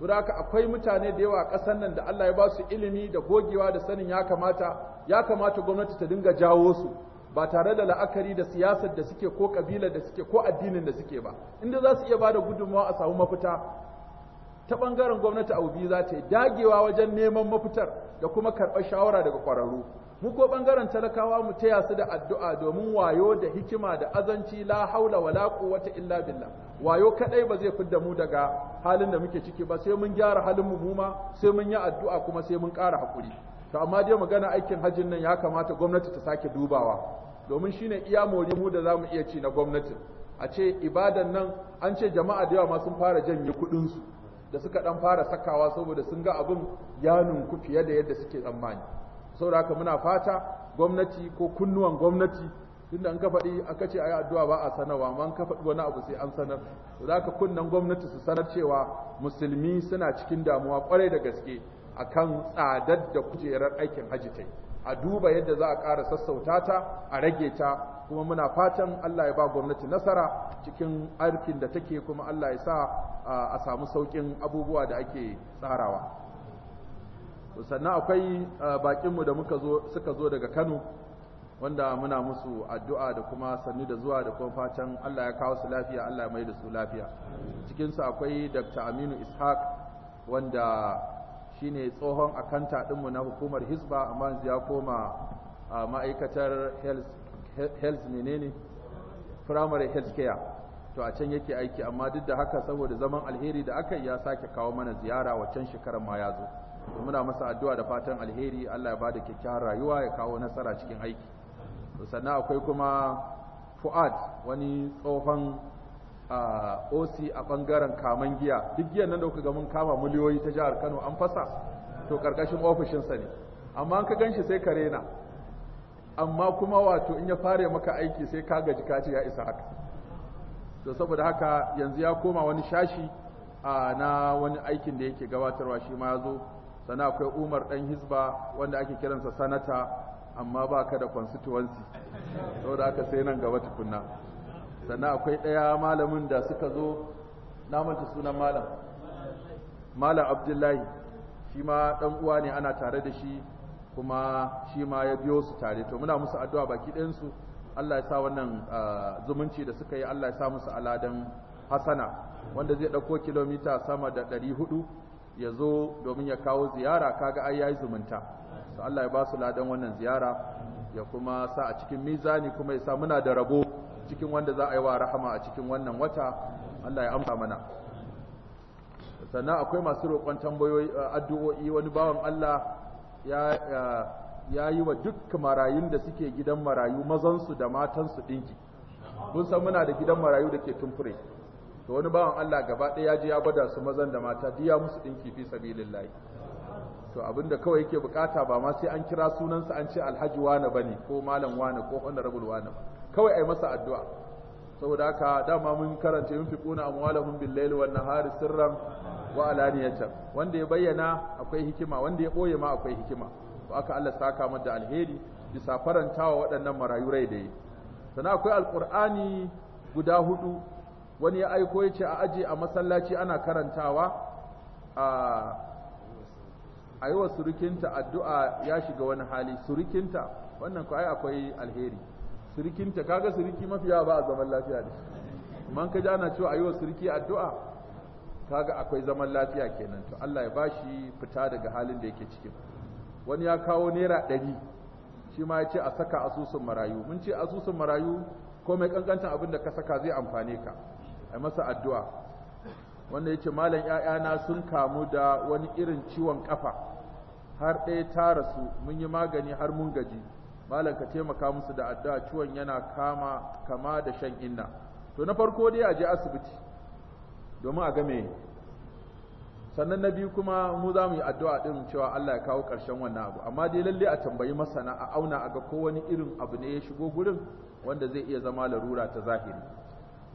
Speaker 1: don akwai mutane da yawa a ƙasar nan da Allah ya ba su ilimi da gogewa da sanin ya kamata ya kamata gwamnati ta dinga jawo su ba tare da la'akari da siyasar da suke ko kabilar da suke ko addinin da suke ba inda za su iya ba da gudunmawa a samu mafita ta ɓangaren gwamnati abu biyu za ta yi dagewa wajen neman mafitar da kuma karɓar shawara daga ƙwararru mu ko ɓangaren talakawa mu taya su da addu'a domin wayo da hikima da azanci la haula wala quwwata illa billah wayo kadai ba zai fidda mu daga halin da muke ciki ba sai mun gyara halin mu muma sai mun yi addu'a kuma sai mun ƙara hakuri to amma dai magana aikin hajjin nan ya kamata gwamnati ta sake dubawa domin shine iya mori mu da zamu iya ci na gwamnati a ce ibadan nan an ce jama'a da yawa ma sun fara janye kuɗinsu su da suka dan fara sakawa saboda sun ga abin ya nunku fiye da yadda suke tsammani saboda haka muna fata gwamnati ko kunnuwan gwamnati tunda an ka faɗi aka ce ayi addu'a ba a sanarwa amma an ka faɗi wani abu sai an sanar saboda haka kunnan gwamnati su sanar cewa musulmi suna cikin damuwa kwarai da gaske akan tsadar da kujerar aikin hajji tai a duba yadda za a ƙara sassauta ta a rage ta kuma muna fatan Allah ya ba gwamnati nasara cikin aikin da take kuma Allah ya sa a samu saukin abubuwa da ake tsarawa sannan akwai bakinmu da muka zo suka zo daga Kano wanda muna musu addu'a da kuma sannu da zuwa da kuma fatan Allah ya kawo su lafiya Allah ya mai da su lafiya cikinsu akwai Dr. Aminu Ishaq wanda shine tsohon akanta ɗinmu na hukumar Hisba amma ya koma ma'aikatar health health menene primary health care to a can yake aiki amma duk da haka saboda zaman alheri da aka ya sake kawo mana ziyara wacan shekarar ma ya zo muna masa addu'a da fatan alheri Allah ya bada kyakkyawar rayuwa ya kawo nasara cikin aiki sannan akwai kuma fuad wani tsohon oc a bangaren kaman giya duk giyan nan da kuka ga mun kama miliyoyi ta jihar kano an fasa to karkashin ofishinsa ne amma an ka ganshi sai ka rena amma kuma wato in ya fara maka aiki sai ka gaji ka ya isa haka to saboda haka yanzu ya koma wani shashi na wani aikin da yake gabatarwa shi ma ya sana akwai umar dan hizba wanda ake kiransa sanata amma ba ka da constituency saboda haka sai nan gaba tukunna sannan akwai ɗaya malamin da suka zo namanta sunan malam malam abdullahi shi ma ɗan uwa ne ana tare da shi kuma shi ma ya biyo su tare to muna musu addu'a baki ɗayan su Allah ya sa wannan zumunci da suka yi Allah ya sa musu aladan hasana wanda zai ɗauko kilomita sama da 400 ya zo domin ya kawo ziyara kaga ai yayi zumunta so Allah ya ba su ladan wannan ziyara ya kuma sa a cikin mizani kuma ya sa muna da rabo cikin wanda za a yi wa rahama a cikin wannan wata Allah ya amsa mana sannan akwai masu roƙon tambayoyi addu'o'i wani bawan Allah ya yi wa duk marayun da suke gidan marayu mazansu da matansu ɗinki
Speaker 2: kun san muna da gidan
Speaker 1: marayu da ke tumfure to wani bawan Allah gaba ɗaya ya ji ya gwada su mazan da mata diya musu ɗinki fi sabilillahi to abinda kawai yake bukata ba ma sai an kira sunansa an ce alhaji wane ne ko malam wane ko honorable wane ba kawai yi masa addu'a saboda haka dama mun karanta yunfiquna a bil layli wannan hari sirran wa alaniyatan wanda ya bayyana akwai hikima wanda ya boye ma akwai hikima to aka Allah saka mata alheri bisa faranta wa waɗannan marayu rai da yi sana akwai alƙur'ani guda hudu wani ya aiko ya ce a aji a masallaci ana karantawa a a yi wa surukinta addu'a ya shiga wani hali surukinta wannan ko ai akwai alheri sirikinta kaga siriki mafiya ba a zaman lafiya ne man ka ji ana cewa yi wa siriki addu'a kaga akwai zaman lafiya kenan to Allah ya bashi fita daga halin da yake cikin wani ya kawo naira ɗari shi ma ya ce a saka asusun marayu mun ce asusun marayu ko mai kankantan abin da ka saka zai amfane ka a masa addu'a wanda ya ce malam ‘ya'yana sun kamu da wani irin ciwon kafa har ɗaya ta rasu mun yi magani har mun gaji malam ka taimaka musu da addu'a ciwon yana kama kama da shan inna to na farko dai a je asibiti domin a game sannan na biyu kuma mu za mu yi addu'a din cewa Allah ya kawo ƙarshen wannan abu amma dai lalle a tambayi masana a auna a ga ko wani irin abu ne ya shigo gurin wanda zai iya zama larura ta zahiri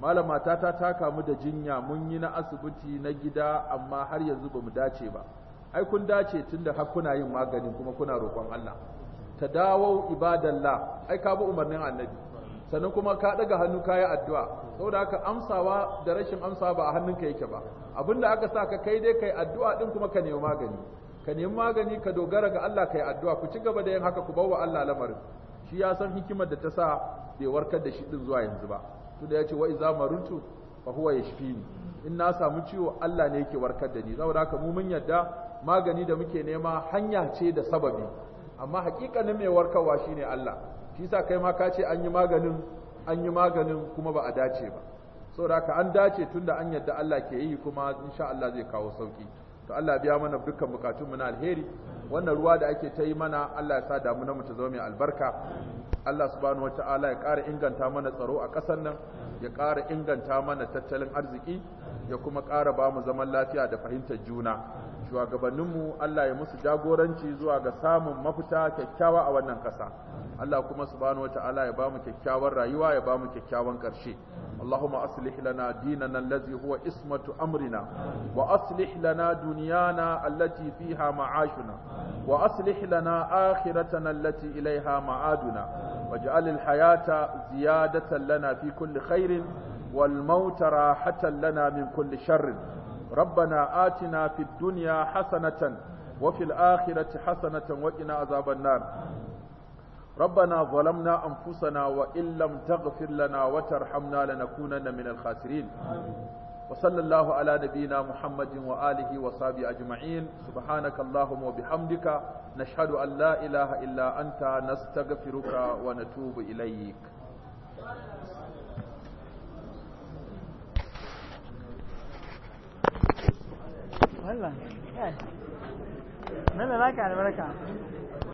Speaker 1: malam matata ta kamu da jinya mun yi na asibiti na gida amma har yanzu ba dace ba ai kun dace tunda har kuna yin maganin kuma kuna roƙon Allah ta dawo ibadallah ai ka bi umarnin annabi sannan kuma ka daga hannu kayi addu'a saboda haka amsawa da rashin amsawa ba a hannunka yake ba abinda aka sa ka kai dai kai addu'a din kuma ka nemi magani ka nemi magani ka dogara ga Allah kai addu'a ku ci gaba da yin haka ku bawa Allah lamarin shi ya san hikimar da ta sa bai warkar da shi din zuwa yanzu ba to da yace wa iza marutu fa huwa yashfini in na samu ciwo Allah ne yake warkar da ni saboda haka mu mun yadda magani da muke nema hanya ce da sababi amma hakikanin mai warkarwa shine Allah shi sa kai ma ka ce an yi maganin an yi maganin kuma ba a dace ba saboda haka an dace tunda an yadda Allah ke yi kuma insha Allah zai kawo sauki to Allah biya mana dukkan bukatun mu na alheri wannan ruwa da ake ta yi mana Allah ya sa damu na mu ta zama mai albarka Allah subhanahu wataala ya ƙara inganta mana tsaro a ƙasar nan ya ƙara inganta mana tattalin arziki ya kuma ƙara ba mu zaman lafiya da fahimtar juna shugabanninmu Allah ya musu jagoranci zuwa ga samun mafita kyakkyawa a wannan ƙasa Allah kuma subhanahu wataala ya bamu kyakkyawar rayuwa ya bamu kyakkyawan ƙarshe Allahumma aslih lana dinana allazi huwa ismatu amrina wa aslih lana dunyana allati fiha ma'ashuna wa aslih lana akhiratana allati ilaiha ma'aduna waj'al al-hayata ziyadatan lana fi kulli khairin wal mauta rahatan lana min kulli sharrin ربنا آتنا في الدنيا حسنة وفي الآخرة حسنة وقنا عذاب النار ربنا ظلمنا أنفسنا وإن لم تغفر لنا وترحمنا لنكونن من الخاسرين وصلى الله على نبينا محمد وآله وصحبه أجمعين سبحانك اللهم وبحمدك نشهد أن لا إله إلا أنت نستغفرك ونتوب إليك
Speaker 2: والله يعني مهمة معاك على مالك عام